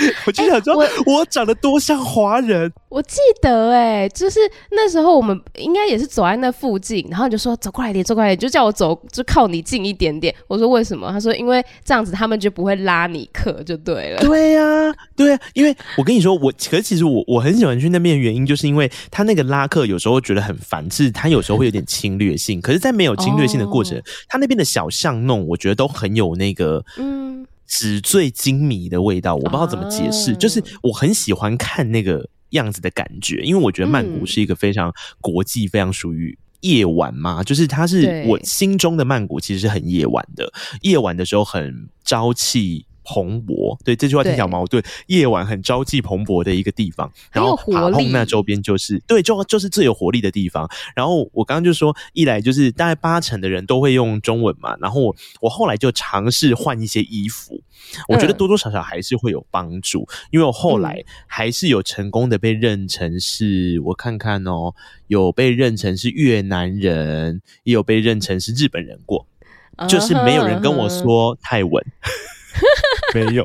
欸、 我就想說，我，我長得多像華人。我記得哎、欸，就是那時候我們應該也是走在那附近，然後你就說：“走過來點，走過來點。”就叫我走，就靠你近一點點。我說：“為什麼？”他說：“因為這樣子他們就不會拉你客，就對了。”對啊，對呀，對呀，因為我跟你說，我可是其實我我很喜歡去那邊，原因就是因為他那個拉客有時候覺得很煩，是他有時候會有點侵略性。可是，在沒有侵略性的過程，他、哦、那邊的小巷弄，我覺得。都很有那個嗯紙醉金迷的味道，嗯，我不知道怎麼解釋，啊，就是我很喜歡看那個樣子的感覺，因為我覺得曼谷是一個非常國際、非常屬於夜晚嘛，嗯，就是它是我心中的曼谷，其實是很夜晚的，夜晚的時候很朝氣。蓬勃，對，這句話挺小矛盾。夜晚很朝氣蓬勃的一個地方，然後帕蓬那周邊就是，對，就就是最有活力的地方。然後我剛剛就說，一來就是大概八成的人都會用中文嘛。然後我我後來就嘗試換一些衣服，我覺得多多少少還是會有幫助、嗯，因為我後來還是有成功的被認成是、嗯、我看看哦、喔，有被認成是越南人，也有被認成是日本人過，uh -huh, uh -huh 就是沒有人跟我說泰文。 沒有，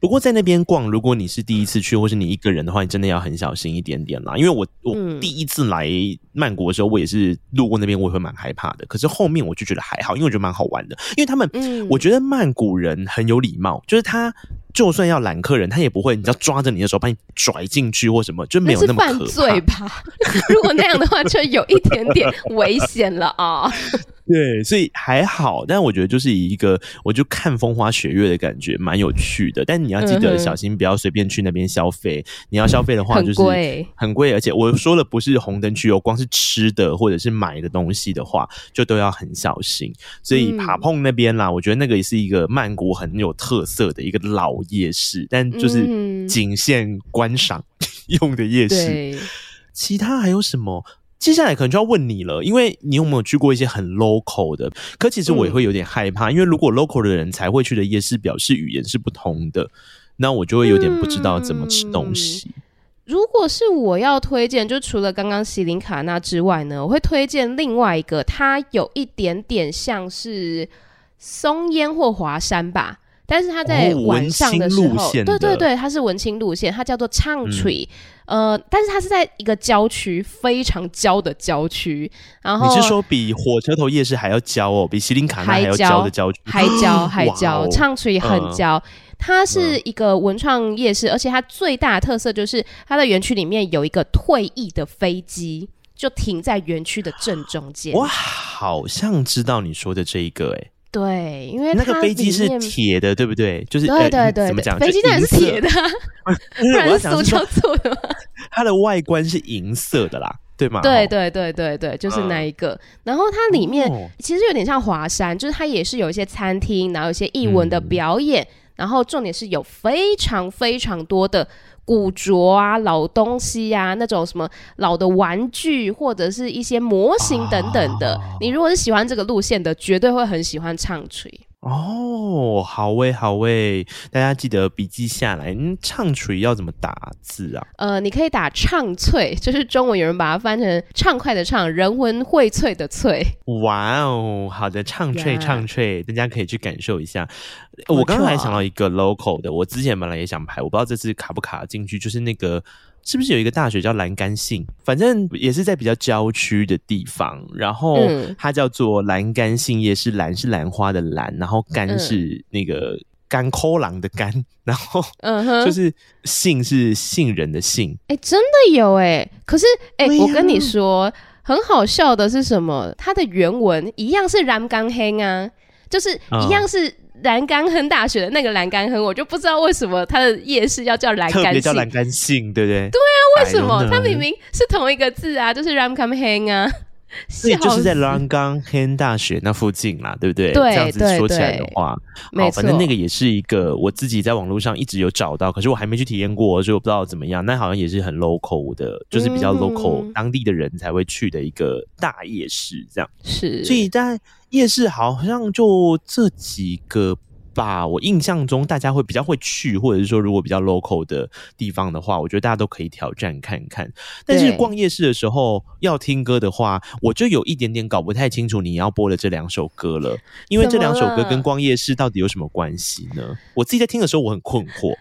不過在那邊逛，如果你是第一次去，或是你一個人的話，你真的要很小心一點點啦。因為我我第一次來曼谷的時候，我也是路過那邊，我也會蠻害怕的。可是後面我就覺得還好，因為我覺得蠻好玩的。因為他們、嗯，我覺得曼谷人很有禮貌，就是他。就算要攬客人，他也不會。你要抓着你的時候，把你拽進去或什麼，就沒有那麼可怕。那犯罪吧？ 如果那樣的話，就有一點點危險了啊、哦。 對，所以還好。但我覺得，就是以一個，我就看風花雪月的感覺，蠻有趣的。但你要記得小心，不要隨便去那邊消費、嗯。你要消費的話，就是很貴、欸，而且我說的不是紅燈區哦，光是吃的或者是買的東西的話，就都要很小心。所以帕蓬那邊啦、嗯，我覺得那個也是一個曼谷很有特色的一個老。夜市，但就是僅限觀賞、嗯、用的夜市。其他還有什麼？接下來可能就要問你了，因為你有沒有去過一些很 local 的？可其實我也會有點害怕，嗯、因為如果 local 的人才會去的夜市，表示語言是不同的、嗯，那我就會有點不知道怎麼吃東西。如果是我要推薦，就除了剛剛西林卡納之外呢，我會推薦另外一個，它有一點點像是松煙或華山吧。但是它在晚上的時候，哦、文青路線，對對對，它是文青路線，它叫做唱 tree，嗯、呃，但是它是在一個郊區，非常郊的郊區。然後你是說比火車頭夜市還要郊哦？比西林卡那還要郊的郊區，還郊還郊，唱曲也很郊。它、嗯、是一個文創夜市，嗯、而且它最大的特色就是，它的園區裡面有一個退役的飛機，就停在園區的正中間。我好像知道你說的這一個、欸，誒。對，因為那個飛機是鐵的，對不對？就是對，對對對，呃、怎麼講？對對對飛機然是鐵的、啊，不然怎麼做的？ 它的外觀是銀色的啦，對嗎？對對對對對，就是那一個。嗯、然後它裡面、哦、其實有點像華山，就是它也是有一些餐廳，然後有一些藝文的表演。嗯、然後重點是有非常非常多的。古着啊，老東西呀、啊，那種什麼老的玩具或者是一些模型等等的、啊，你如果是喜歡這個路線的，絕對會很喜歡唱錘。哦，好喂好喂，大家記得筆記下來。唱脆要怎麼打字啊？呃，你可以打“唱脆”，就是中文有人把它翻成“暢快的暢”，人文薈萃的脆“萃”。哇哦，好的，唱脆唱脆，yeah. 大家可以去感受一下。呃、我剛才想到一個 local 的、啊，我之前本來也想拍，我不知道這次卡不卡進去，就是那個。是不是有一個大學叫蘭甘杏？反正也是在比較郊區的地方。然後它叫做蘭甘杏，也是蘭是蘭花的蘭，然後甘是那個甘扣狼的甘、嗯、然後是姓是姓嗯哼，就是杏是杏仁的杏。哎，真的有哎！可是哎，我跟你說，很好笑的是什麼？它的原文一樣是蘭甘黑啊，就是一樣是、嗯。藍甘亨大學的那個藍甘亨，我就不知道為什麼它的夜市要叫藍甘姓。特別叫藍甘姓，對不對？對啊，為什麼？它明明是同一個字啊，就是 Ram Come Hang 啊。所以就是在蘭甘亨大學那附近嘛，對不對？對，這樣子說起來的話，好，反正那個也是一個我自己在網絡上一直有找到，可是我還沒去體驗過，所以我不知道怎麼樣。那好像也是很 local 的，就是比較 local、嗯、當地的人才會去的一個大夜市，這樣是。所以但夜市好像就這幾個。把我印象中大家會比較會去，或者是說如果比較 local 的地方的話，我覺得大家都可以挑戰看看。但是逛夜市的時候要聽歌的話，我就有一點點搞不太清楚你要播的這兩首歌了，因為這兩首歌跟逛夜市到底有什麼關係呢？我自己在聽的時候我很困惑，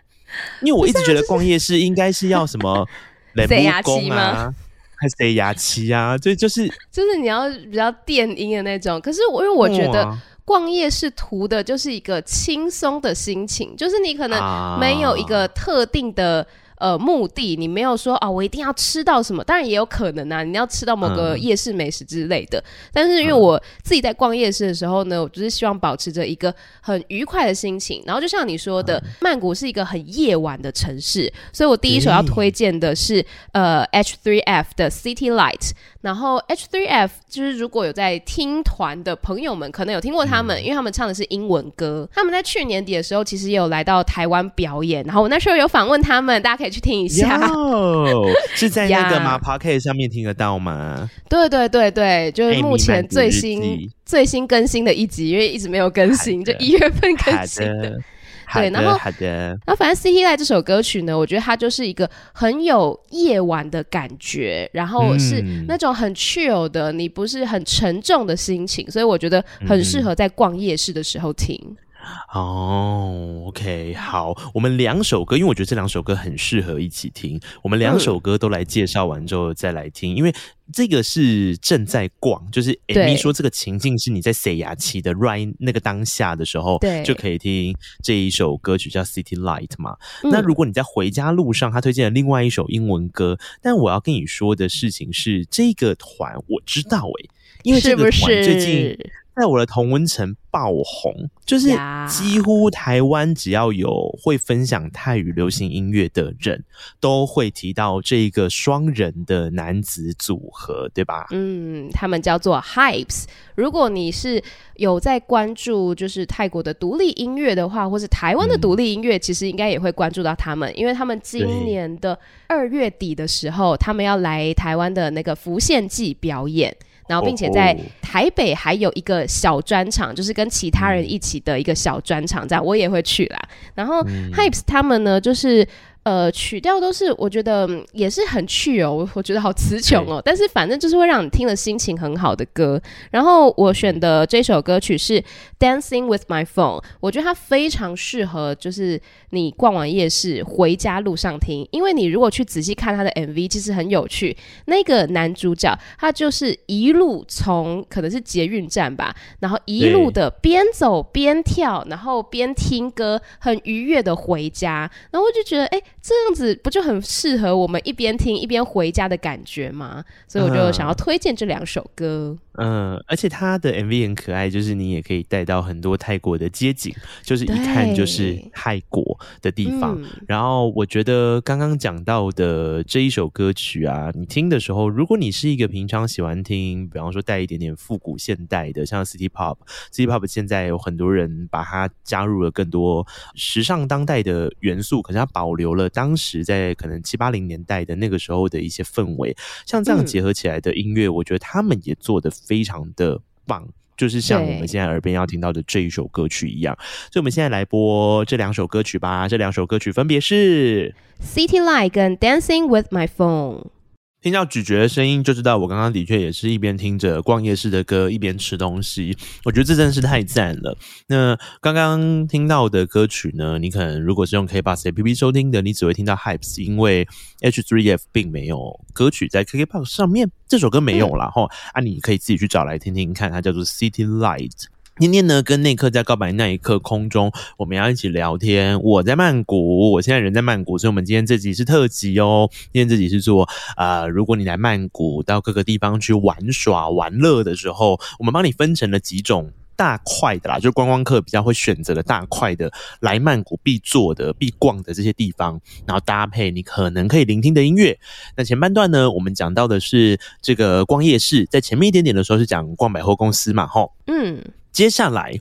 因為我一直覺得逛夜市應該是要什麼雷姆工啊，還是雷牙期啊？就是、啊 公啊 就是就是你要比較電音的那種。可是我因為我覺得。逛夜市圖的就是一個輕鬆的心情，就是你可能沒有一個特定的、啊、呃目的，你沒有說啊，我一定要吃到什麼，當然也有可能啊，你要吃到某個夜市美食之類的、嗯。但是因為我自己在逛夜市的時候呢，我就是希望保持着一個很愉快的心情。然後就像你說的，嗯、曼谷是一個很夜晚的城市，所以我第一首要推薦的是、嗯、呃 H3F 的 City Light。然後 H three F 就是如果有在聽團的朋友們，可能有聽過他們、嗯，因為他們唱的是英文歌。他們在去年底的時候，其實也有來到台灣表演。然後我那時候有訪問他們，大家可以去聽一下。哦， 是在那個嗎？Podcast 上面聽得到嗎？對對對對，就是目前最新最新更新的一集，因為一直沒有更新，就一月份更新的。 對， 然後， 然後，反正《C T I》這首歌曲呢，我覺得它就是一個很有夜晚的感覺，然後是那種很 chill 的，你不是很沉重的心情，所以我覺得很適合在逛夜市的時候聽。 哦、oh，OK，好，我們兩首歌，因為我覺得這兩首歌很適合一起聽。我們兩首歌都來介紹完之後再來聽，嗯，因為這個是正在逛,就是 Amy 說這個情境，是你在 say 牙期的 right 那個當下的時候，就可以聽這一首歌曲叫 City Light 嘛。嗯，那如果你在回家路上，他推薦了另外一首英文歌，但我要跟你說的事情是，這個團我知道誒、欸、因為這個團最近是不是，在我的同溫層爆紅，就是幾乎台灣只要有會分享泰語流行音樂的人，都會提到這一個雙人的男子組合，對吧？嗯，他們叫做 Hypes。如果你是有在關注，就是泰國的獨立音樂的話，或是台灣的獨立音樂、嗯，其實應該也會關注到他們，因為他們今年的二月底的時候，他們要來台灣的那個浮現祭表演。然後，並且在台北還有一個小專場哦哦，就是跟其他人一起的一個小專場，嗯，這樣我也會去啦。然後，嗯，Hypes 他們呢，就是。呃，曲調都是我覺得也是很趣哦，喔，我我覺得好詞窮哦，但是反正就是會讓你聽了心情很好的歌。然後我選的這首歌曲是 Dancing with My Phone，我覺得它非常適合就是你逛完夜市回家路上聽，因為你如果去仔細看它的 MV，其實很有趣。那個男主角他就是一路從可能是捷運站吧，然後一路的邊走邊跳，欸，然後邊聽歌，很愉悅的回家。然後我就覺得，哎，欸。這樣子不就很適合我們一邊聽一邊回家的感覺嗎？所以我就想要推薦這兩首歌。Uh-huh. 嗯，而且他的 MV 很可愛，就是你也可以帶到很多泰國的街景，就是一看就是泰國的地方。嗯、然後我覺得剛剛講到的這一首歌曲啊，你聽的時候，如果你是一個平常喜歡聽，比方說帶一點點復古現代的，像 City Pop，City Pop 現在有很多人把它加入了更多時尚當代的元素，可是它保留了當時在可能七八零年代的那個時候的一些氛圍。像這樣結合起來的音樂、嗯，我覺得他們也做得。非常的棒，就是像我們現在耳邊要聽到的這一首歌曲一樣，所以我們現在來播這兩首歌曲吧。這兩首歌曲分別是《City Light》跟《Dancing with My Phone》。聽到咀嚼的聲音就知道，我剛剛的確也是一邊聽着逛夜市的歌，一邊吃東西。我覺得這真是太讚了。那剛剛聽到的歌曲呢？你可能如果是用 KKBOX APP 收聽的，你只會聽到 Hypes，因為 H3F 並沒有歌曲在 KKBOX 上面。這首歌沒有啦吼、嗯，啊，你可以自己去找來聽聽看，它叫做 City Light。今天呢，跟內克在告白那一刻空中，我們要一起聊天。我在曼谷，我現在人在曼谷，所以我們今天這集是特輯哦。今天這集是做啊、呃，如果你來曼谷，到各個地方去玩耍玩樂的時候，我們幫你分成了幾種大塊的啦，就觀光客比較會選擇的大塊的來曼谷必做的、必逛的這些地方，然後搭配你可能可以聆聽的音樂。那前半段呢，我們講到的是這個逛夜市，在前面一點點的時候是講逛百貨公司嘛，吼，嗯。接下來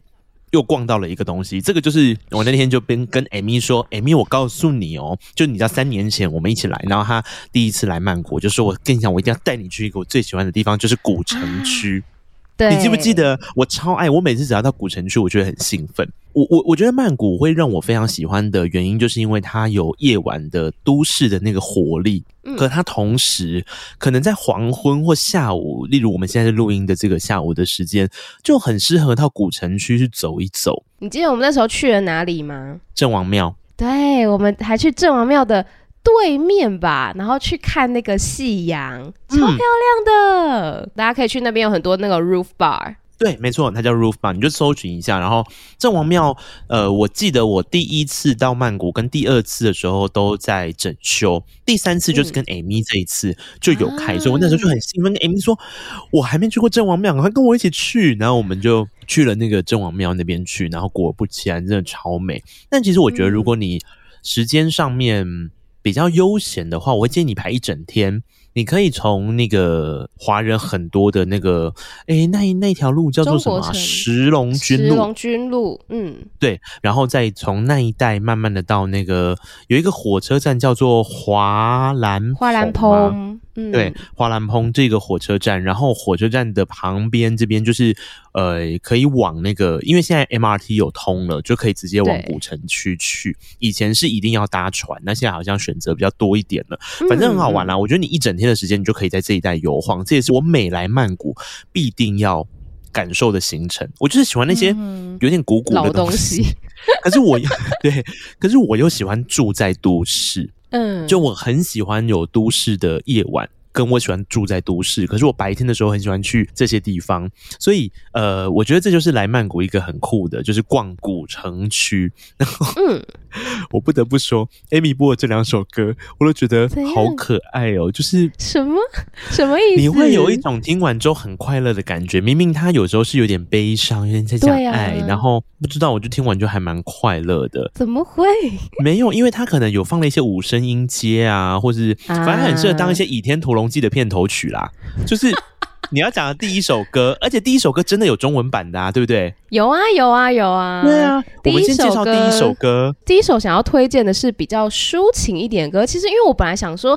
又逛到了一個東西，這個就是我那天就邊跟 Amy 說，Amy，我告訴你哦，就你知道三年前我們一起來，然後她第一次來曼谷，就說我跟你講，我一定要帶你去一個我最喜歡的地方，就是古城區。嗯你記不記得我超愛？我每次只要到古城區，我覺得很興奮。我我我覺得曼谷會讓我非常喜歡的原因，就是因為它有夜晚的都市的那個活力，嗯、和它同時可能在黃昏或下午，例如我們現在是錄音的這個下午的時間，就很適合到古城區去走一走。你記得我們那時候去了哪裡嗎？鄭王廟。對，我們還去鄭王廟的。對面吧，然後去看那個夕陽，超漂亮的，嗯。大家可以去那邊，有很多那個 roof bar。對，沒錯，它叫 roof bar，你就搜尋一下。然後鄭王廟，呃，我記得我第一次到曼谷跟第二次的時候都在整修，第三次就是跟 Amy 這一次，嗯，就有開，所以我那時候就很興奮，嗯。跟 Amy 說，我還沒去過鄭王廟，快跟我一起去。然後我們就去了那個鄭王廟那邊去，然後果不其然，真的超美。但其實我覺得，如果你時間上面，嗯，比較悠閒的話，我會建議你排一整天，你可以從那個華人很多的那個，哎、欸，那一那條路叫做什麼、啊？石龍軍路。石龍軍路，嗯，對。然後再從那一帶慢慢的到那個有一個火車站叫做華蘭華南蓬。對，華蘭蓬這個火車站，然後火車站的旁邊這邊就是呃，可以往那個，因為現在 M R T 有通了，就可以直接往古城區去。以前是一定要搭船，那現在好像選擇比較多一點了。反正很好玩啦、啊嗯嗯，我覺得你一整天的時間，你就可以在這一帶遊晃。這也是我每來曼谷必定要感受的行程。我就是喜歡那些有點古古的東西，嗯、老東西 可是我，對，可是我又喜歡住在都市。嗯，就我很喜歡有都市的夜晚，嗯。跟我喜歡住在都市，可是我白天的時候很喜歡去這些地方，所以呃，我覺得這就是來曼谷一個很酷的，就是逛古城區。然後、嗯、 我不得不說，Amy 播的這兩首歌，我都覺得好可愛哦、喔，就是什麼什麼意思？ 你會有一種聽完之後很快樂的感覺，明明他有時候是有點悲傷，有點在講愛、啊，然後不知道我就聽完就還蠻快樂的。怎麼會？沒有，因為他可能有放了一些五聲音階啊，或是反正很適合當一些倚天屠龍。記得片頭曲啦，就是你要講的第一首歌， 而且第一首歌真的有中文版的啊，對不對？有啊，有啊，有啊，對啊。我們先介紹第一首歌，第一首想要推薦的是比較抒情一點的歌。其實，因為我本來想說，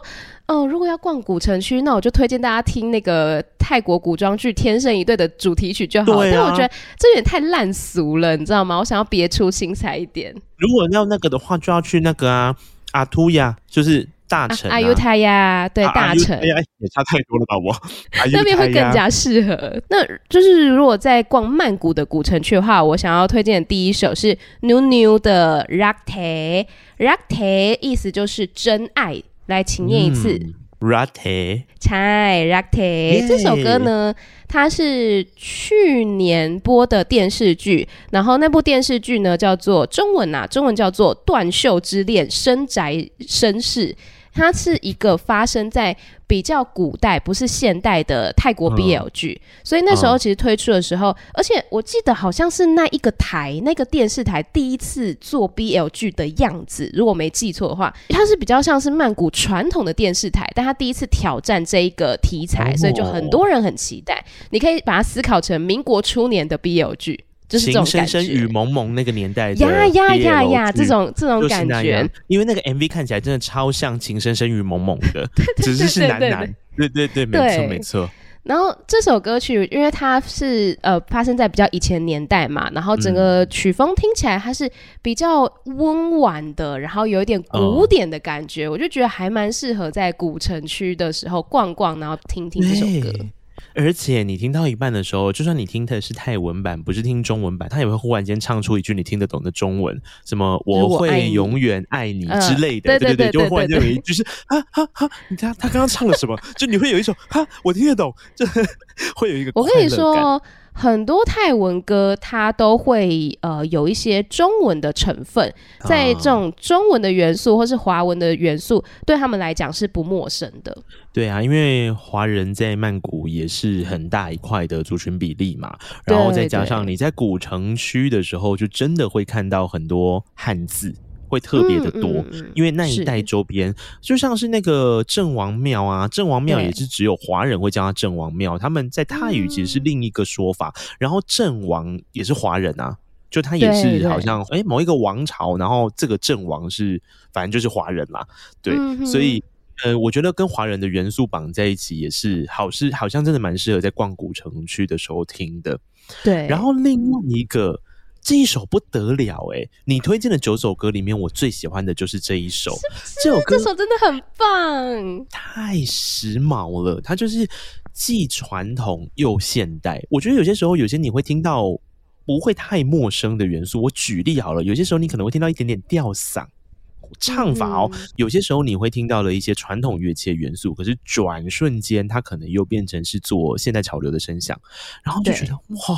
哦、呃，如果要逛古城區，那我就推薦大家聽那個泰國古裝劇《天生一對》的主題曲就好了。對、啊。但我覺得這有點太爛俗了，你知道嗎？我想要別出心裁一點。如果要那個的話，就要去那個啊，阿圖呀，就是。大城阿尤泰呀，啊 Ayutaya, ah, 對、ah, 大城，哎呀，也差太多了吧？我那邊、 啊、 會更加適合。那就是如果在逛曼谷的古城區的話，我想要推薦的第一首是妞妞的 Rakte Rakte 意思就是真愛。來，請念一次 Rakte 愛 Rakte 這首歌呢，它是去年播的電視劇，然後那部電視劇呢叫做中文啊，中文叫做《斷袖之戀》，深宅紳士。它是一個發生在比較古代，不是現代的泰國 BL 劇，嗯，所以那時候其實推出的時候，嗯，而且我記得好像是那一個台，那個電視台第一次做 BL 劇的樣子，如果沒記錯的話，它是比較像是曼谷傳統的電視台，但它第一次挑戰這一個題材，所以就很多人很期待。你可以把它思考成民國初年的 BL 劇。就是這種情深深雨蒙蒙那個年代，呀呀呀呀，這種這種感覺，因為那個 MV 看起來真的超像情深深雨蒙蒙的， 對對對對，只是是男男，對對對，對，對，對，對，沒錯沒錯。然後這首歌曲，因為它是呃發生在比較以前年代嘛，然後整個曲風聽起來它是比較溫婉的，然後有一點古典的感覺，嗯、我就覺得還蠻適合在古城區的時候逛逛，然後聽聽這首歌。而且你聽到一半的時候，就算你聽的是泰文版，不是聽中文版，他也會忽然間唱出一句你聽得懂的中文，什麼“我會永遠愛你”之類的，對對，對對對，就忽然間有一句是、呃、對對對對對啊，啊啊！你他他剛剛唱了什麼？ 就你會有一種啊，我聽得懂，這會有一個快樂感我跟你說、哦。很多泰文歌它都會呃有一些中文的成分，啊，在這種中文的元素或是華文的元素，對他們來講是不陌生的。對啊，因為華人在曼谷也是很大一塊的族群比例嘛，然後再加上你在古城區的時候，就真的會看到很多漢字。對對對。會特別的多，嗯嗯，因為那一帶周邊就像是那個鄭王廟啊，鄭王廟也是只有華人會叫他鄭王廟，他們在泰語其實是另一個說法。嗯、然後鄭王也是華人啊，就他也是好像對對對，欸、某一個王朝，然後這個鄭王是反正就是華人嘛，對，嗯、所以呃，我覺得跟華人的元素綁在一起也是好是好像真的蠻適合在逛古城區的時候聽的。對，然後另外一個。嗯這一首不得了誒、欸、你推薦的九首歌裡面，我最喜歡的就是這一首是不是？這首歌，這首真的很棒，太時髦了。它就是既傳統又現代。我覺得有些時候，有些你會聽到不會太陌生的元素。我舉例好了，有些時候你可能會聽到一點點吊嗓唱法哦、嗯。有些時候你會聽到了一些傳統樂器的元素，可是轉瞬間，它可能又變成是做現代潮流的聲響，然後就覺得哇。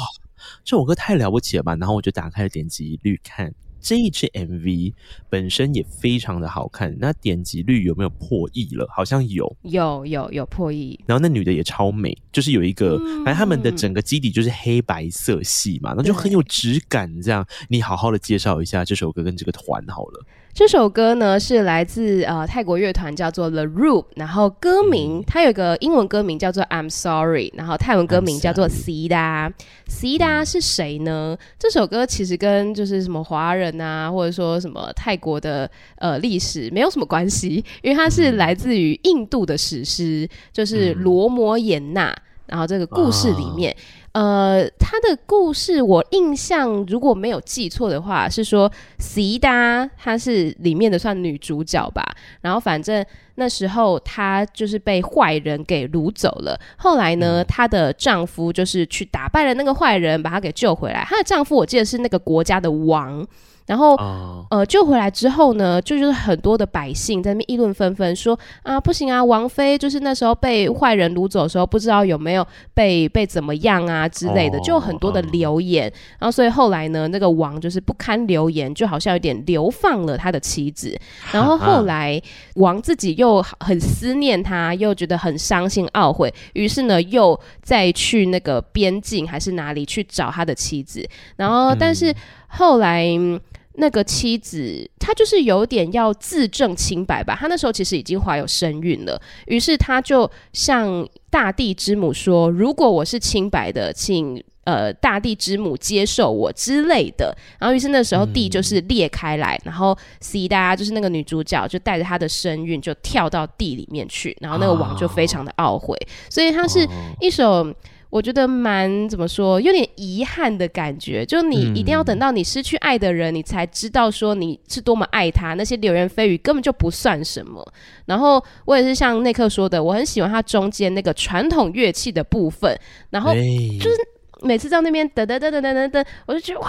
這首歌太了不起了吧？然後我就打開了點擊率看，這一支 MV 本身也非常的好看。那點擊率有沒有破億了？好像有，有，有，有破億。然後那女的也超美，就是有一個，反正他們的整個基底就是黑白色系嘛，那就很有質感。這樣，你好好的介紹一下這首歌跟這個團好了。這首歌呢，是來自呃泰國樂團叫做 The Rup，然後歌名、嗯、它有一個英文歌名叫做 I'm Sorry，然後泰文歌名叫做 Sida、啊。Sida、啊、是誰呢？這首歌其實跟就是什麼華人啊，或者說什麼泰國的呃歷史沒有什麼關係，因為它是來自於印度的史詩，就是羅摩衍那、嗯，然後這個故事裡面。Oh. 呃，她的故事我印象如果沒有記錯的話，是說西達她是裡面的算女主角吧。然後反正那時候她就是被壞人給擄走了。後來呢，她的丈夫就是去打敗了那個壞人，把她給救回來。她的丈夫我記得是那個國家的王。然後、oh. 呃，救回來之後呢，就就是很多的百姓在那邊議論紛紛說，說啊不行啊，王妃就是那時候被壞人擄走的時候，不知道有沒有被被怎麼樣啊。啊之類的，哦、就很多的留言，哦嗯，然後所以後來呢，那個王就是不堪留言，就好像有點流放了他的妻子，然後後來王自己又很思念他，又覺得很傷心懊悔，於是呢又再去那個邊境還是哪裡去找他的妻子，然後但是後來。嗯嗯那個妻子，她就是有點要自證清白吧。她那時候其實已經懷有身孕了，於是她就向大地之母說：“如果我是清白的，請呃大地之母接受我之類的。”然後，於是那時候地就是裂開來，嗯、然後西達就是那個女主角就帶着她的身孕就跳到地裡面去，然後那個王就非常的懊悔，哦、所以她是一首。我覺得蠻怎麼說，有點遺憾的感覺。就你一定要等到你失去愛的人，嗯，你才知道說你是多麼愛他。那些流言蜚語根本就不算什麼。然後我也是像內克說的，我很喜歡他中間那個傳統樂器的部分。然後、欸、就是每次到那邊噔噔噔噔噔噔噔，我就覺得哇，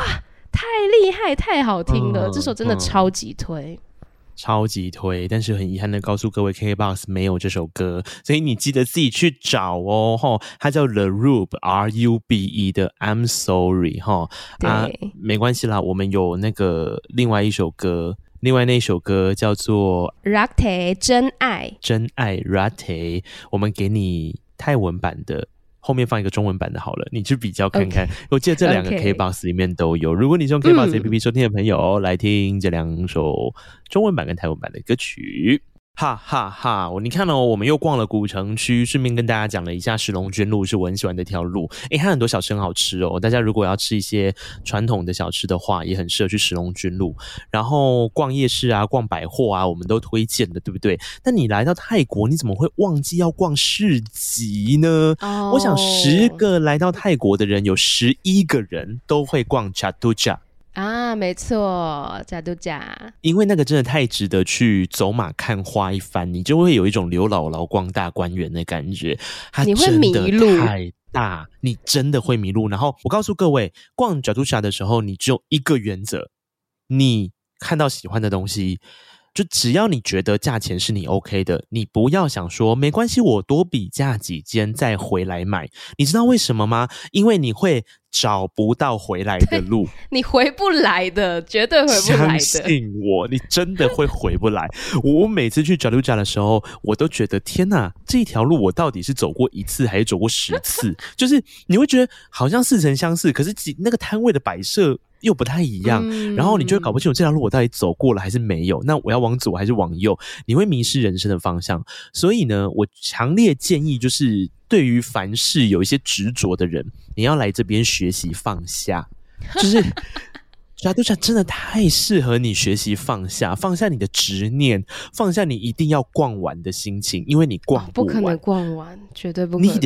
太厲害，太好聽了，嗯。這首真的超級推。嗯超級推，但是很遺憾的告訴各位，KK Box 沒有這首歌，所以你記得自己去找哦。齁，它叫 The Rube R U B E 的 I'm Sorry 齁。啊，沒關係啦，我們有那個另外一首歌，另外那首歌叫做 Ratté 真愛、Ratte，真愛 Ratté，我們給你泰文版的。後面放一個中文版的好了，你去比較看看。Okay. 我記得這兩個 KBox 裡面都有。Okay. 如果你用 KBox APP 收聽的朋友，嗯、來聽這兩首中文版跟泰文版的歌曲。哈哈哈！你看哦，我們又逛了古城區，順便跟大家講了一下石龍軍路，是我很喜歡的一條路。哎、欸，它很多小吃很好吃哦。大家如果要吃一些傳統的小吃的話，也很適合去石龍軍路。然後逛夜市啊，逛百貨啊，我們都推薦的，對不對？那你來到泰國，你怎麼會忘記要逛市集呢？Oh. 我想，十個來到泰國的人，有十一個人都會逛 Chatuchak 啊，沒錯，假都假。因為那個真的太值得去走馬看花一番，你就會有一種劉姥姥逛大觀園的感覺。它真的你會迷路，太大，你真的會迷路。然後我告訴各位，逛假都假的時候，你只有一個原則：你看到喜歡的東西，就只要你覺得價錢是你 OK 的，你不要想說沒關係，我多比價幾間再回來買。你知道為什麼嗎？因為你會找不到回來的路，你回不來的，絕對回不來的。相信我，你真的會回不來。 我每次去甲奴家的時候，我都覺得天哪、啊，這一條路我到底是走過一次還是走過十次？ 就是你會覺得好像似曾相識，可是那個攤位的擺設又不太一樣、嗯，然後你就會搞不清楚這條路我到底走過了還是沒有、嗯。那我要往左還是往右？你會迷失人生的方向。所以呢，我強烈建議就是。對於凡事有一些執着的人，你要來這邊學習放下，就是小 真的太適合你學習放下，放下你的執念，放下你一定要逛完的心情，因為你逛、哦、不可能逛完，絕對不可能。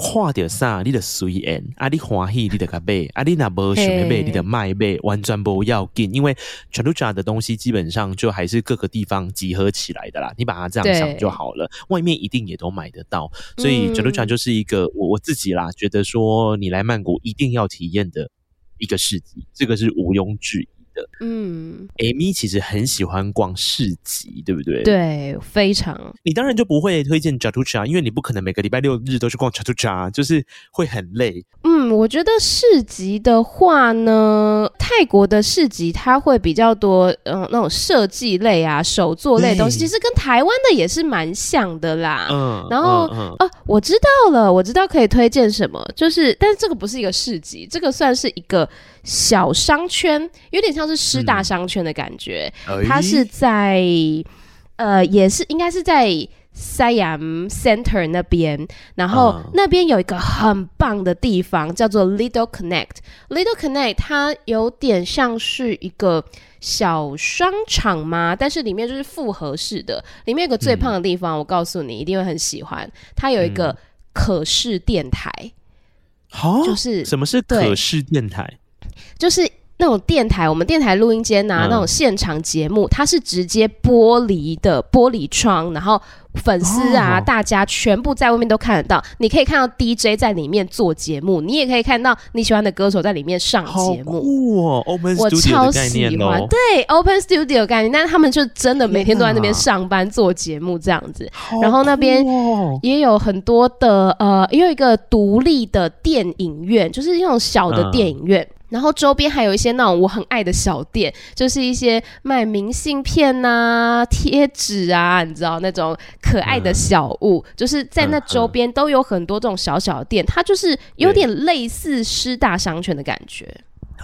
畫點啥，你得隨緣，啊你歡喜，你得去買，啊你那無想要買， 你得買買。完全不要緊，因為全都船的東西基本上就還是各個地方集合起來的啦。你把它這樣想就好了。外面一定也都買得到，所以全都船就是一個我我自己啦、嗯，覺得說你來曼谷一定要體驗的一個事情，這個是毋庸置疑。嗯，Amy 其實很喜歡逛市集，對不對？對，非常。你當然就不會推薦 Chatuchak，因為你不可能每個禮拜六日都去逛 Chatuchak，就是會很累。嗯，我覺得市集的話呢，泰國的市集它會比較多，嗯、呃，那種設計類啊、手作類的東西，其實跟台灣的也是蠻像的啦。嗯，然後哦、嗯嗯啊，我知道了，我知道可以推薦什麼，就是，但是這個不是一個市集，這個算是一個。小商圈有點像是師大商圈的感覺，嗯欸、它是在呃，也是應該是在 Siam Center 那邊。然後、嗯、那邊有一個很棒的地方，叫做 Little Connect。Little Connect 它有點像是一個小商場嘛，但是裡面就是複合式的。裡面有一個最棒的地方，嗯、我告訴你，一定會很喜歡。它有一個可視電台，好、嗯，就是什麼是可視電台？就是那種電台，我們電台錄音間吶、啊嗯，那種現場節目，它是直接玻璃的玻璃窗，然後粉絲啊、哦，大家全部在外面都看得到。你可以看到 DJ 在裡面做節目，你也可以看到你喜歡的歌手在裡面上節目哇，我超喜歡、哦哦。Open Studio 概念，對，Open Studio 概念，但是他們就真的每天都在那邊上班做節目這樣子。啊哦、然後那邊也有很多的呃，也有一個獨立的電影院，就是那種小的電影院。嗯然後周邊還有一些那種我很愛的小店，就是一些賣明信片吶、啊、貼紙啊，你知道那種可愛的小物、嗯，就是在那周邊都有很多這種小小店、嗯嗯，它就是有點類似師大商圈的感覺。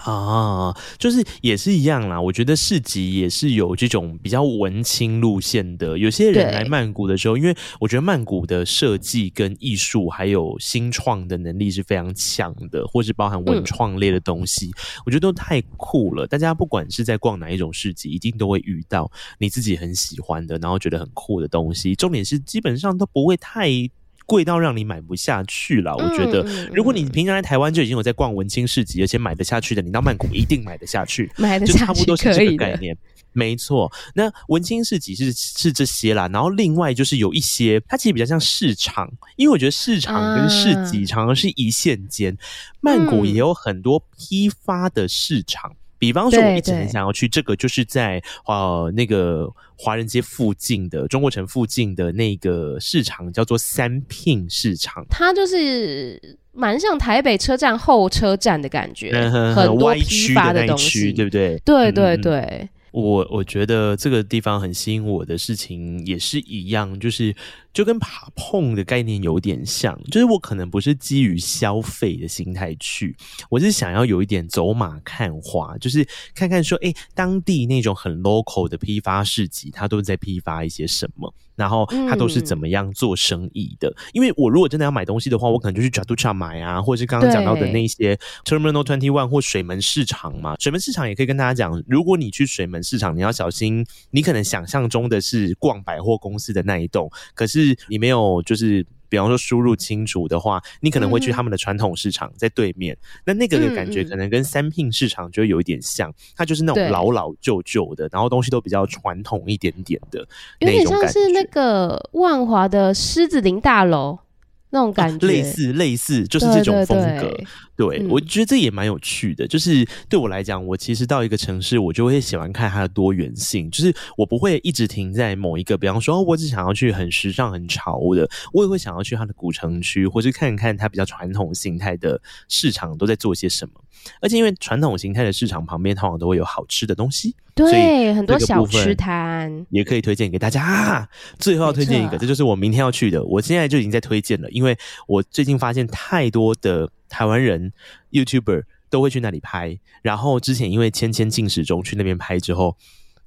啊，就是也是一樣啦。我覺得市集也是有這種比較文青路線的。有些人來曼谷的時候，因為我覺得曼谷的設計跟藝術還有新創的能力是非常強的，或是包含文創類的東西、嗯，我覺得都太酷了。大家不管是在逛哪一種市集，一定都會遇到你自己很喜歡的，然後覺得很酷的東西。重點是基本上都不會太貴到讓你買不下去了，我覺得。如果你平常在台灣就已經有在逛文青市集，嗯，而且買得下去的，你到曼谷一定買得下去，買得下去，就差不多是這個概念。沒錯，那文青市集是是這些啦，然後另外就是有一些，它其實比較像市場，因為我覺得市場跟市集常常是一線間，嗯。曼谷也有很多批發的市場。比方說，我一直很想要去對對這個，就是在呃、哦、那個華人街附近的中國城附近的那個市場，叫做三聘市場。它就是蠻像台北車站後車站的感覺，嗯、很歪曲的，的東西，對不對？對對對。嗯、我我覺得這個地方很吸引我的事情也是一樣，就是。就跟爬碰的概念有點像，就是我可能不是基於消費的心態去，我是想要有一點走馬看花，就是看看說，哎、欸，當地那種很 local 的批發市集，他都在批發一些什麼，然後他都是怎麼樣做生意的、嗯。因為我如果真的要買東西的話，我可能就去 Chatuchak 買啊，或者是剛剛講到的那些 Terminal 21或水門市場嘛。水門市場也可以跟大家講，如果你去水門市場，你要小心，你可能想象中的是逛百貨公司的那一棟，可是你沒有，就是比方說輸入清楚的話，你可能會去他們的傳統市場，在對面、嗯。那那個感覺可能跟三聘市場就會有一點像、嗯，它就是那種老老舊舊的，然後東西都比較傳統一點點的那種感覺，有點像是那個萬華的獅子林大樓。那種感覺，啊，類似類似就是這種風格，對，對，對，對、嗯、我覺得這也蠻有趣的。就是對我來講，我其實到一個城市，我就會喜歡看它的多元性。就是我不會一直停在某一個，比方說，我只想要去很時尚、很潮的，我也會想要去它的古城區，或是看一看它比較傳統形態的市場都在做些什麼。而且因為傳統形態的市場旁邊，它往往都會有好吃的東西，對，所以很多小吃攤也可以推薦給大家。最後要推薦一個，這就是我明天要去的，我現在就已經在推薦了，因為我最近發現太多的台灣人 YouTuber 都會去那裡拍。然後之前因為千千進食中去那邊拍之後，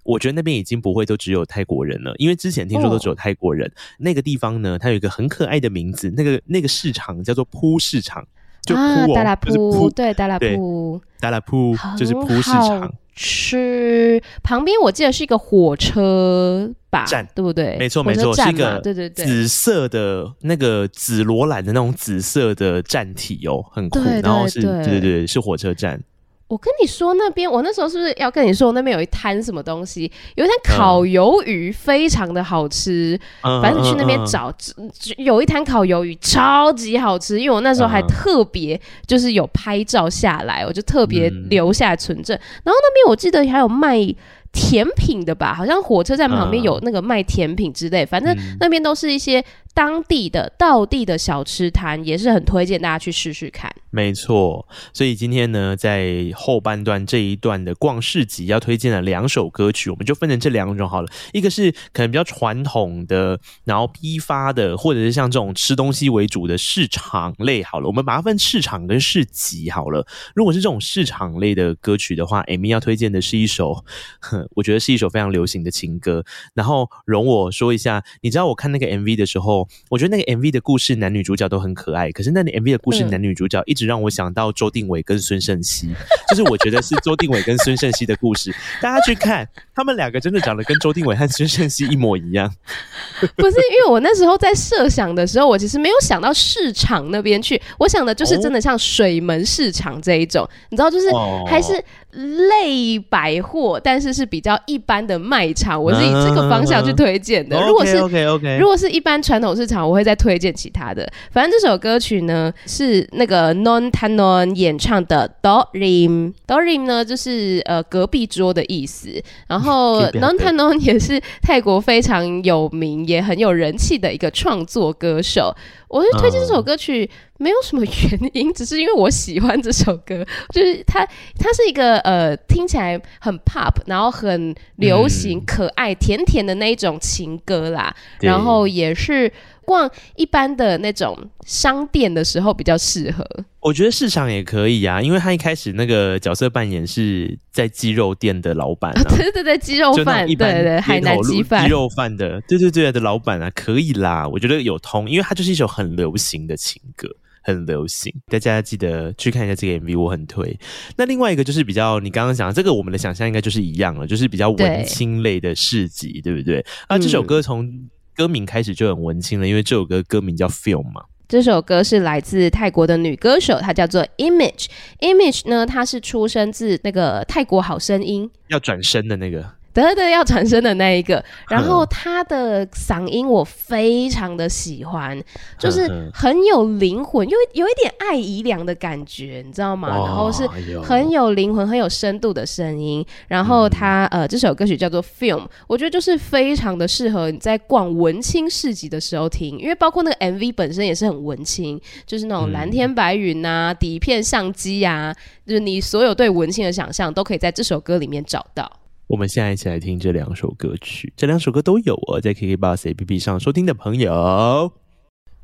我覺得那邊已經不會都只有泰國人了，因為之前聽說都只有泰國人。哦。那個地方呢，它有一個很可愛的名字，那個那個市場叫做鋪市場。就鋪對、哦啊，就是鋪對，鋪鋪就是鋪市場，是旁邊我記得是一個火車吧站，對不對？沒錯、啊，沒錯，是一個對對對紫色的那個紫羅蘭的那種紫色的站體哦，很酷，對對對然後是對對對是火車站。我跟你說那，那邊我那時候是不是要跟你說，那邊有一攤什麼東西？有一攤烤魷魚，非常的好吃。啊、反正去那邊找，啊、只有一攤烤魷魚，超級好吃。因為我那時候還特別就是有拍照下來，啊、我就特別留下來存證、嗯。然後那邊我記得還有賣甜品的吧，好像火車站旁邊有那個賣甜品之類。反正那邊都是一些。當地的道地的小吃攤也是很推薦大家去試試看。沒錯，所以今天呢，在後半段這一段的逛市集，要推薦的兩首歌曲，我們就分成這兩種好了。一個是可能比較傳統的，然後批發的，或者是像這種吃東西為主的市場類好了。我們把它分市場跟市集好了。如果是這種市場類的歌曲的話，Amy 要推薦的是一首哼，我覺得是一首非常流行的情歌。然後容我說一下，你知道我看那個 MV 的時候。我覺得那個 MV 的故事，男女主角都很可愛，可是那個 MV 的故事，男女主角一直讓我想到周定緯跟孫盛希、嗯，就是我覺得是周定緯跟孫盛希的故事。 大家去看，他們兩個真的長得跟周定緯和孫盛希一模一樣， 不是？因為我那時候在設想的時候，我其實沒有想到市場那邊去，我想的就是真的像水門市場這一種，哦、你知道，就是哦哦還是。類百貨，但是是比較一般的賣場，我是以這個方向去推薦的。Uh -huh. 如果是、uh -huh. okay, OK OK，如果是一般傳統市場，我會再推薦其他的。反正這首歌曲呢是那個 Non Tanon 演唱的，Dorim、嗯、Dorim 呢就是呃隔壁桌的意思。然後 Non Tanon 也是泰國非常有名也很有人氣的一個創作歌手。我就推薦這首歌曲，uh. 沒有什麼原因，只是因為我喜歡這首歌。就是它，它是一個呃，聽起來很 pop，然後很流行、嗯、可愛、甜甜的那一種情歌啦。然後也是。逛一般的那種商店的時候比較適合，我覺得市場也可以啊，因為他一開始那個角色扮演是在雞肉店的老板、啊哦，對對對，雞肉飯對對海南雞肉飯的，對對,飯對,對對對的老板啊，可以啦，我覺得有通，因為他就是一首很流行的情歌，很流行，大家記得去看一下這個 MV，我很推。那另外一個就是比較你剛剛講的這個，我們的想象應該就是一樣了，就是比較文青類的市集，對,對不對？那、啊嗯、這首歌從。歌名開始就很文青了，因為這首歌歌名叫《Feel》嘛。這首歌是來自泰國的女歌手，她叫做 Image。Image 呢，她是出生自那個泰國好聲音，要轉身的那個。對對對，要產生的那一個，然後他的嗓音我非常的喜歡，呵呵，就是很有靈魂，因為有一點艾怡良的感覺，你知道嗎？然後是很有靈魂、哎、很有深度的聲音。然後他、嗯、呃，這首歌曲叫做 Film，我覺得就是非常的適合你在逛文青市集的時候聽，因為包括那個 MV 本身也是很文青，就是那種藍天白雲吶、啊嗯、底片相機呀、啊，就是你所有對文青的想象都可以在這首歌裡面找到。我們現在一起來聽這兩首歌曲，這兩首歌都有啊，在 KKBOX APP 上收聽的朋友。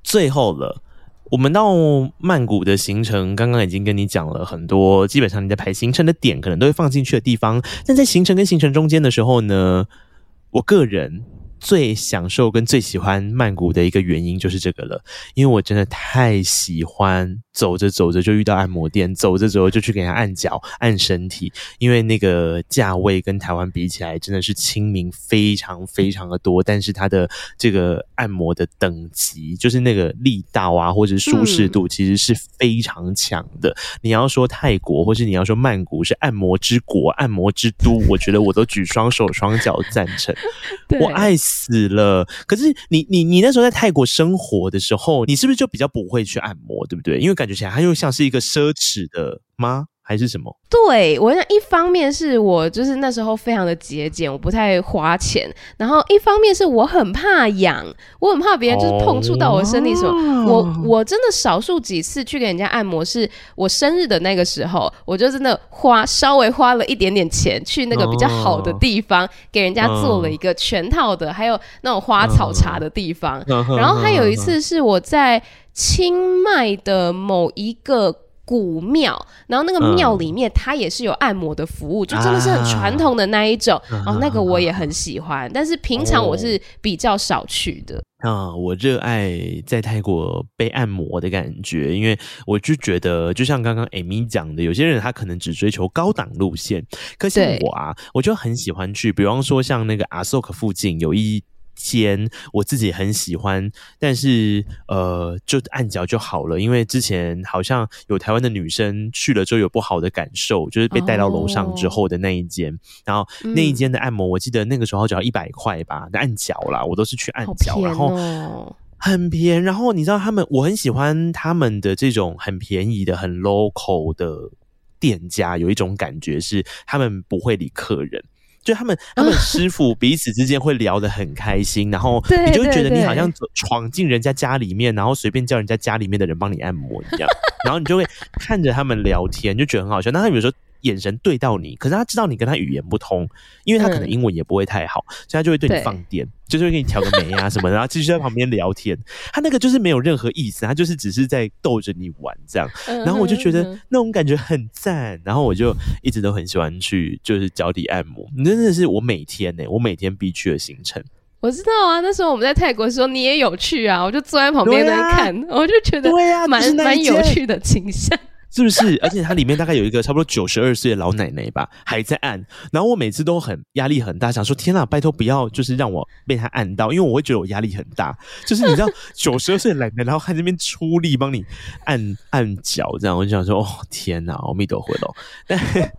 最後了，我們到曼谷的行程，剛剛已經跟你講了很多，基本上你在排行程的點，可能都會放進去的地方。但在行程跟行程中間的時候呢，我個人。最享受跟最喜歡曼谷的一個原因就是這個了，因為我真的太喜歡走着走着就遇到按摩店，走着走着就去給人按腳、按身體，因為那個價位跟台灣比起來真的是親民，非常非常的多。但是它的這個按摩的等級，就是那個力道啊，或者舒適度，其實是非常強的。嗯。你要說泰國，或是你要說曼谷是按摩之國、按摩之都，我覺得我都舉雙手 雙腳贊成。我愛死死了。可是你你你那時候在泰國生活的時候，你是不是就比較不會去按摩，對不對？因為感覺起來它又像是一個奢侈的嗎？還是什麼？對，我想，一方面是我就是那時候非常的節儉，我不太花錢。然後一方面是我很怕癢，我很怕別人就是碰觸到我身體什麼。哦、我我真的少數幾次去給人家按摩，是我生日的那個時候，我就真的花稍微花了一點點錢去那個比較好的地方、哦、給人家做了一個全套的、哦，還有那種花草茶的地方。哦哦、然後還有一次是我在清邁的某一個。古廟，然後那個廟裡面、嗯、它也是有按摩的服務，就真的是很傳統的那一種、啊，哦，那個我也很喜歡，哦、但是平常我是比較少去的。啊、嗯，我熱愛在泰國被按摩的感覺，因為我就覺得，就像剛剛 Amy 講的，有些人他可能只追求高檔路線，可是我啊，我就很喜歡去，比方說像那個阿蘇克附近有一。間我自己很喜歡，但是呃，就按腳就好了，因為之前好像有台灣的女生去了之後有不好的感受，就是被帶到樓上之後的那一間，oh. 然後那一間的按摩，我記得那個時候只要一百塊吧，mm. 按腳啦，我都是去按腳，然後很便宜，然後你知道他們，我很喜歡他們的這種很便宜的、很 local 的店家，有一種感覺是他們不會理客人。就他們，他們師傅彼此之間會聊得很開心， 然後你就會覺得你好像闖進人家家裡面，然後隨便叫人家家裡面的人幫你按摩一樣， 然後你就會看着他們聊天，就覺得很好笑。那他有時候，眼神對到你，可是他知道你跟他語言不通，因為他可能英文也不會太好，嗯、所以他就會對你放電，就是會給你挑個眉啊什麼的， 然後繼續在旁邊聊天。他那個就是沒有任何意思，他就是只是在逗着你玩這樣。嗯、然後我就覺得那種感覺很贊，嗯、然後我就一直都很喜歡去，就是腳底按摩，真的是我每天呢、欸，我每天必去的行程。我知道啊，那時候我們在泰國的時候，你也有去啊，我就坐在旁邊，邊看、啊，我就覺得對啊，蠻蠻有趣的景象。 是不是？而且它裡面大概有一個差不多九十二歲的老奶奶吧，還在按。然後我每次都很壓力很大，想說：天啊，拜託不要，就是讓我被她按到，因為我會覺得我壓力很大。就是你知道，九十二歲的奶奶，然後還在那邊出力幫你按按腳，這樣我就想說：哦，天哪、啊，我咪都回咯。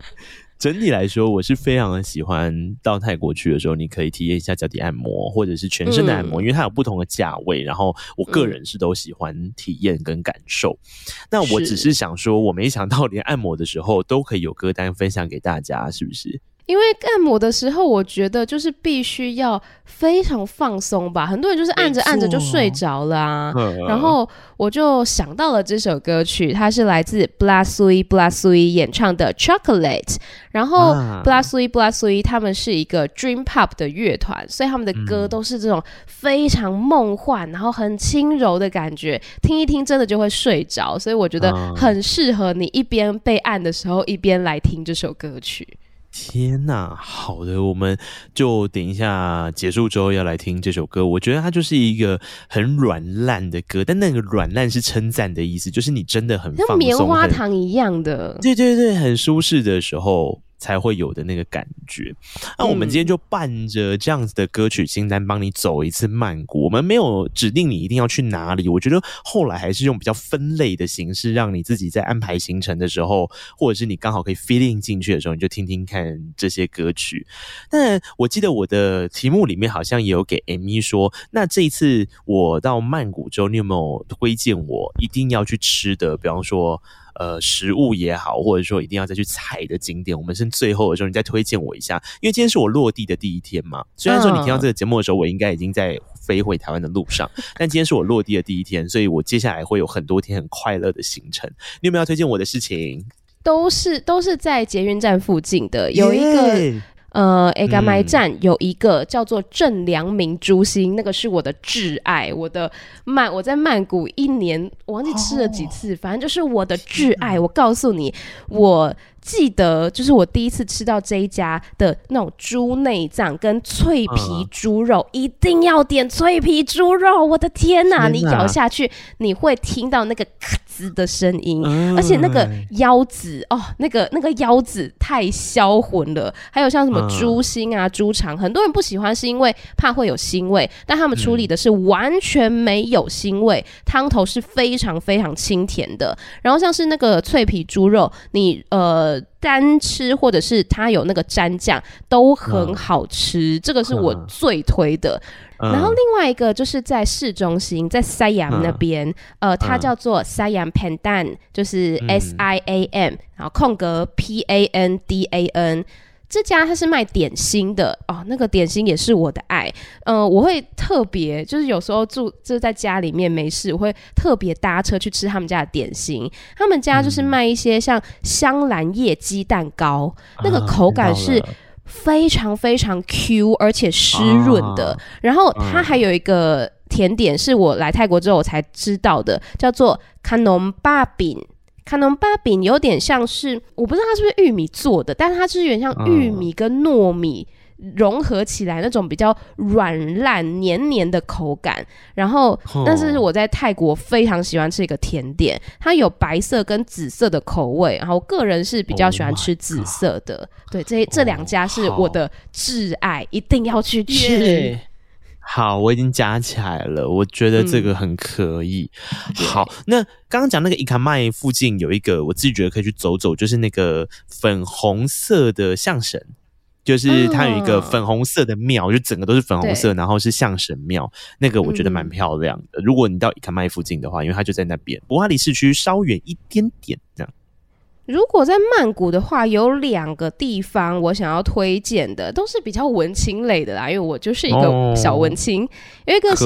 整體來說，我是非常的喜歡到泰國去的時候，你可以體驗一下腳底按摩或者是全身的按摩，嗯，因為它有不同的價位。然後我個人是都喜歡體驗跟感受。嗯，那我只是想說，是，我沒想到連按摩的時候都可以有歌單分享給大家，是不是？因為按摩的時候，我覺得就是必須要非常放鬆吧。很多人就是按着按着就睡着了啊。然後我就想到了這首歌曲，它是來自 Blasui Blasui 演唱的 Chocolate。然後 Blasui Blasui 他們是一個 Dream Pop 的樂團，啊，所以他們的歌都是這種非常夢幻，嗯，然後很輕柔的感覺。聽一聽真的就會睡着，所以我覺得很適合你一邊被按的時候，一邊來聽這首歌曲。天吶、啊，好的，我們就等一下結束之後要來聽這首歌。我覺得它就是一個很軟爛的歌，但那個軟爛是稱讚的意思，就是你真的很放鬆，跟棉花糖一樣的，對對對，很舒適的時候。才會有的那個感覺。那、啊、我們今天就伴着這樣子的歌曲清單幫你走一次曼谷，嗯。我們沒有指定你一定要去哪裡。我覺得後來還是用比較分類的形式，讓你自己在安排行程的時候，或者是你剛好可以 fitting 進去的時候，你就聽聽看這些歌曲。但我記得我的題目裡面好像也有給 Amy 說，那這一次我到曼谷之後，你有沒有推薦我一定要去吃的？比方說。呃，食物也好，或者說一定要再去踩的景點，我們是最後的時候，你再推薦我一下。因為今天是我落地的第一天嘛，雖然說你聽到這個節目的時候，嗯，我應該已經在飛回台灣的路上，但今天是我落地的第一天，所以我接下來會有很多天很快樂的行程。你有沒有要推薦我的事情？都是都是在捷運站附近的有一個。Yeah! 呃，Ekkamai 站有一個叫做正良明豬心，嗯，那個是我的摯愛。我的曼，我在曼谷一年，我忘記吃了幾次，哦、反正就是我的摯愛、啊。我告訴你，我記得就是我第一次吃到這一家的那種豬內臟跟脆皮豬肉，嗯，一定要點脆皮豬肉。我的天哪、啊啊，你咬下去，你會聽到那個咳。滋的聲音，uh, 而且那個腰子、uh, 哦，那個那個腰子太銷魂了。還有像什麼豬心啊、uh, 豬腸，很多人不喜歡是因為怕會有腥味，但他們處理的是完全沒有腥味，uh, 湯頭是非常非常清甜的。然後像是那個脆皮豬肉，你呃單吃或者是它有那個蘸醬都很好吃，uh, 這個是我最推的。Uh, uh, 然後另外一個就是在市中心，在 Siam 那邊、啊，呃，它叫做 Siam Pandan，嗯、就是 S I A M，嗯、然後空格 P A N D A N，這家它是賣點心的哦，那個點心也是我的愛，嗯、呃，我會特別，就是有時候住就在家裡面沒事，我會特別搭車去吃他們家的點心，他們家就是賣一些像香蘭葉雞蛋糕，嗯、那個口感是，嗯非常非常 Q，而且濕潤的。啊、然後它還有一個甜點，是我來泰國之後我才知道的，嗯、叫做卡農巴餅。卡農巴餅有點像是，我不知道它是不是玉米做的，但是它是有點像玉米跟糯米。嗯嗯融合起來那種比較軟爛黏黏的口感，然後但是我在泰國非常喜歡吃一個甜點，它有白色跟紫色的口味，然後我個人是比較喜歡吃紫色的。Oh、對，這這兩家是我的摯愛，oh, 一定要去吃。吃好、yeah、好，我已經加起來了，我覺得這個很可以。嗯、好，那剛剛講那個伊卡麥附近有一個，我自己覺得可以去走走，就是那個粉紅色的象神。就是它有一個粉紅色的廟、嗯，就整個都是粉紅色，然後是象神廟，那個我覺得蠻漂亮的、嗯。如果你到伊卡麥附近的話，因為它就在那邊，不過它離市區稍遠一點點這樣。如果在曼谷的話，有兩個地方我想要推薦的，都是比較文青類的啦，因為我就是一個小文青。哦、有一個是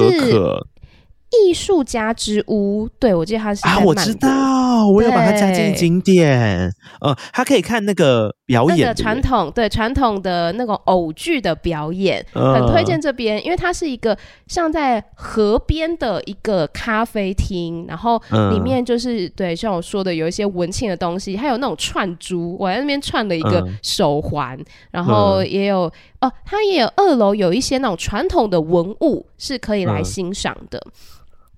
藝術家之屋，可可對，我記得他是啊，我知道，我有把它加進景點，呃、嗯，它可以看那個。那個傳統對，傳統的那種偶劇的表演，嗯、很推薦這邊，因為它是一個像在河邊的一個咖啡廳，然後裡面就是、嗯、對，像我說的有一些文青的東西，還有那種串珠，我在那邊串了一個手環、嗯，然後也有哦、啊，它也有二樓有一些那種傳統的文物是可以來欣賞的，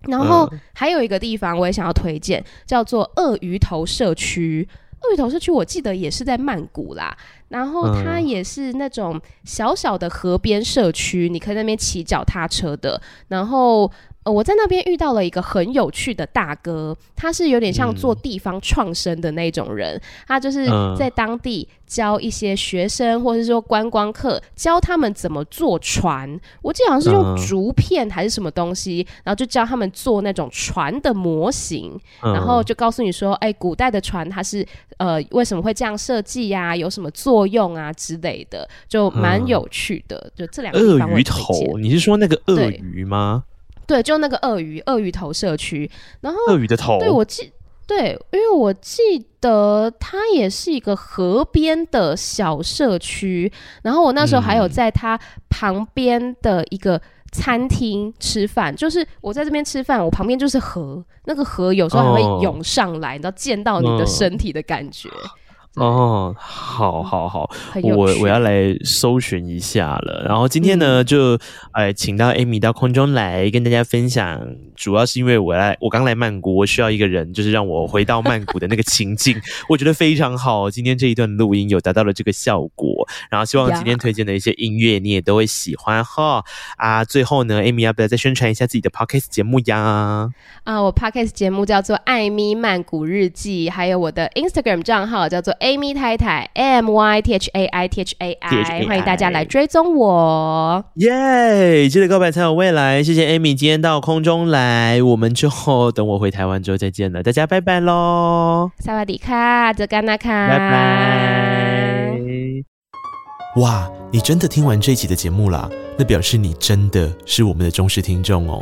然後還有一個地方我也想要推薦，叫做鱷魚頭社區。鱷魚頭社區我記得也是在曼谷啦，然後它也是那種小小的河邊社區，你可以在那邊騎腳踏車的，然後。呃，我在那邊遇到了一個很有趣的大哥，他是有點像做地方創生的那種人，嗯，他就是在當地教一些學生，或者是說觀光客，教他們怎麼坐船。我記得好像是用竹片還是什麼東西，嗯，然後就教他們做那種船的模型，嗯，然後就告訴你說，哎，欸，古代的船它是呃為什麼會這樣設計呀？有什麼作用啊之類的，就蠻有趣的。就這兩個鱷魚頭，你是說那個鱷魚嗎？對，就那個鱷魚，鱷魚頭社區，然後鱷魚的頭，對我記，對，因為我記得它也是一個河邊的小社區，然後我那時候還有在它旁邊的一個餐廳吃飯，嗯、就是我在這邊吃飯，我旁邊就是河，那個河有時候還會湧上來，哦、你知道濺到你的身體的感覺。嗯哦、oh，好，好，好，好，我我要來搜尋一下了。然後今天呢，嗯、就哎、呃，請到 Amy 到空中來跟大家分享，主要是因為我來，我剛來曼谷，我需要一個人，就是讓我回到曼谷的那個情境， 我覺得非常好。今天這一段錄音有達到了這個效果，然後希望今天推薦的一些音樂你也都會喜歡哈、yeah。啊，最後呢，Amy 要不要再宣傳一下自己的 podcast 節目呀？啊、uh，我 podcast 節目叫做《艾咪曼谷日記》，還有我的 Instagram 賬號叫做。Amy 太太，M Y T H A I T H A I，歡迎大家來追蹤我。耶，記得告白才有未來。謝謝 Amy 今天到空中來，我們就等我回台灣之後再見了。大家拜拜嘍，薩瓦迪卡，澤干納卡，拜拜。哇，你真的聽完這集的節目啦、啊？那表示你真的是我們的忠實聽眾哦。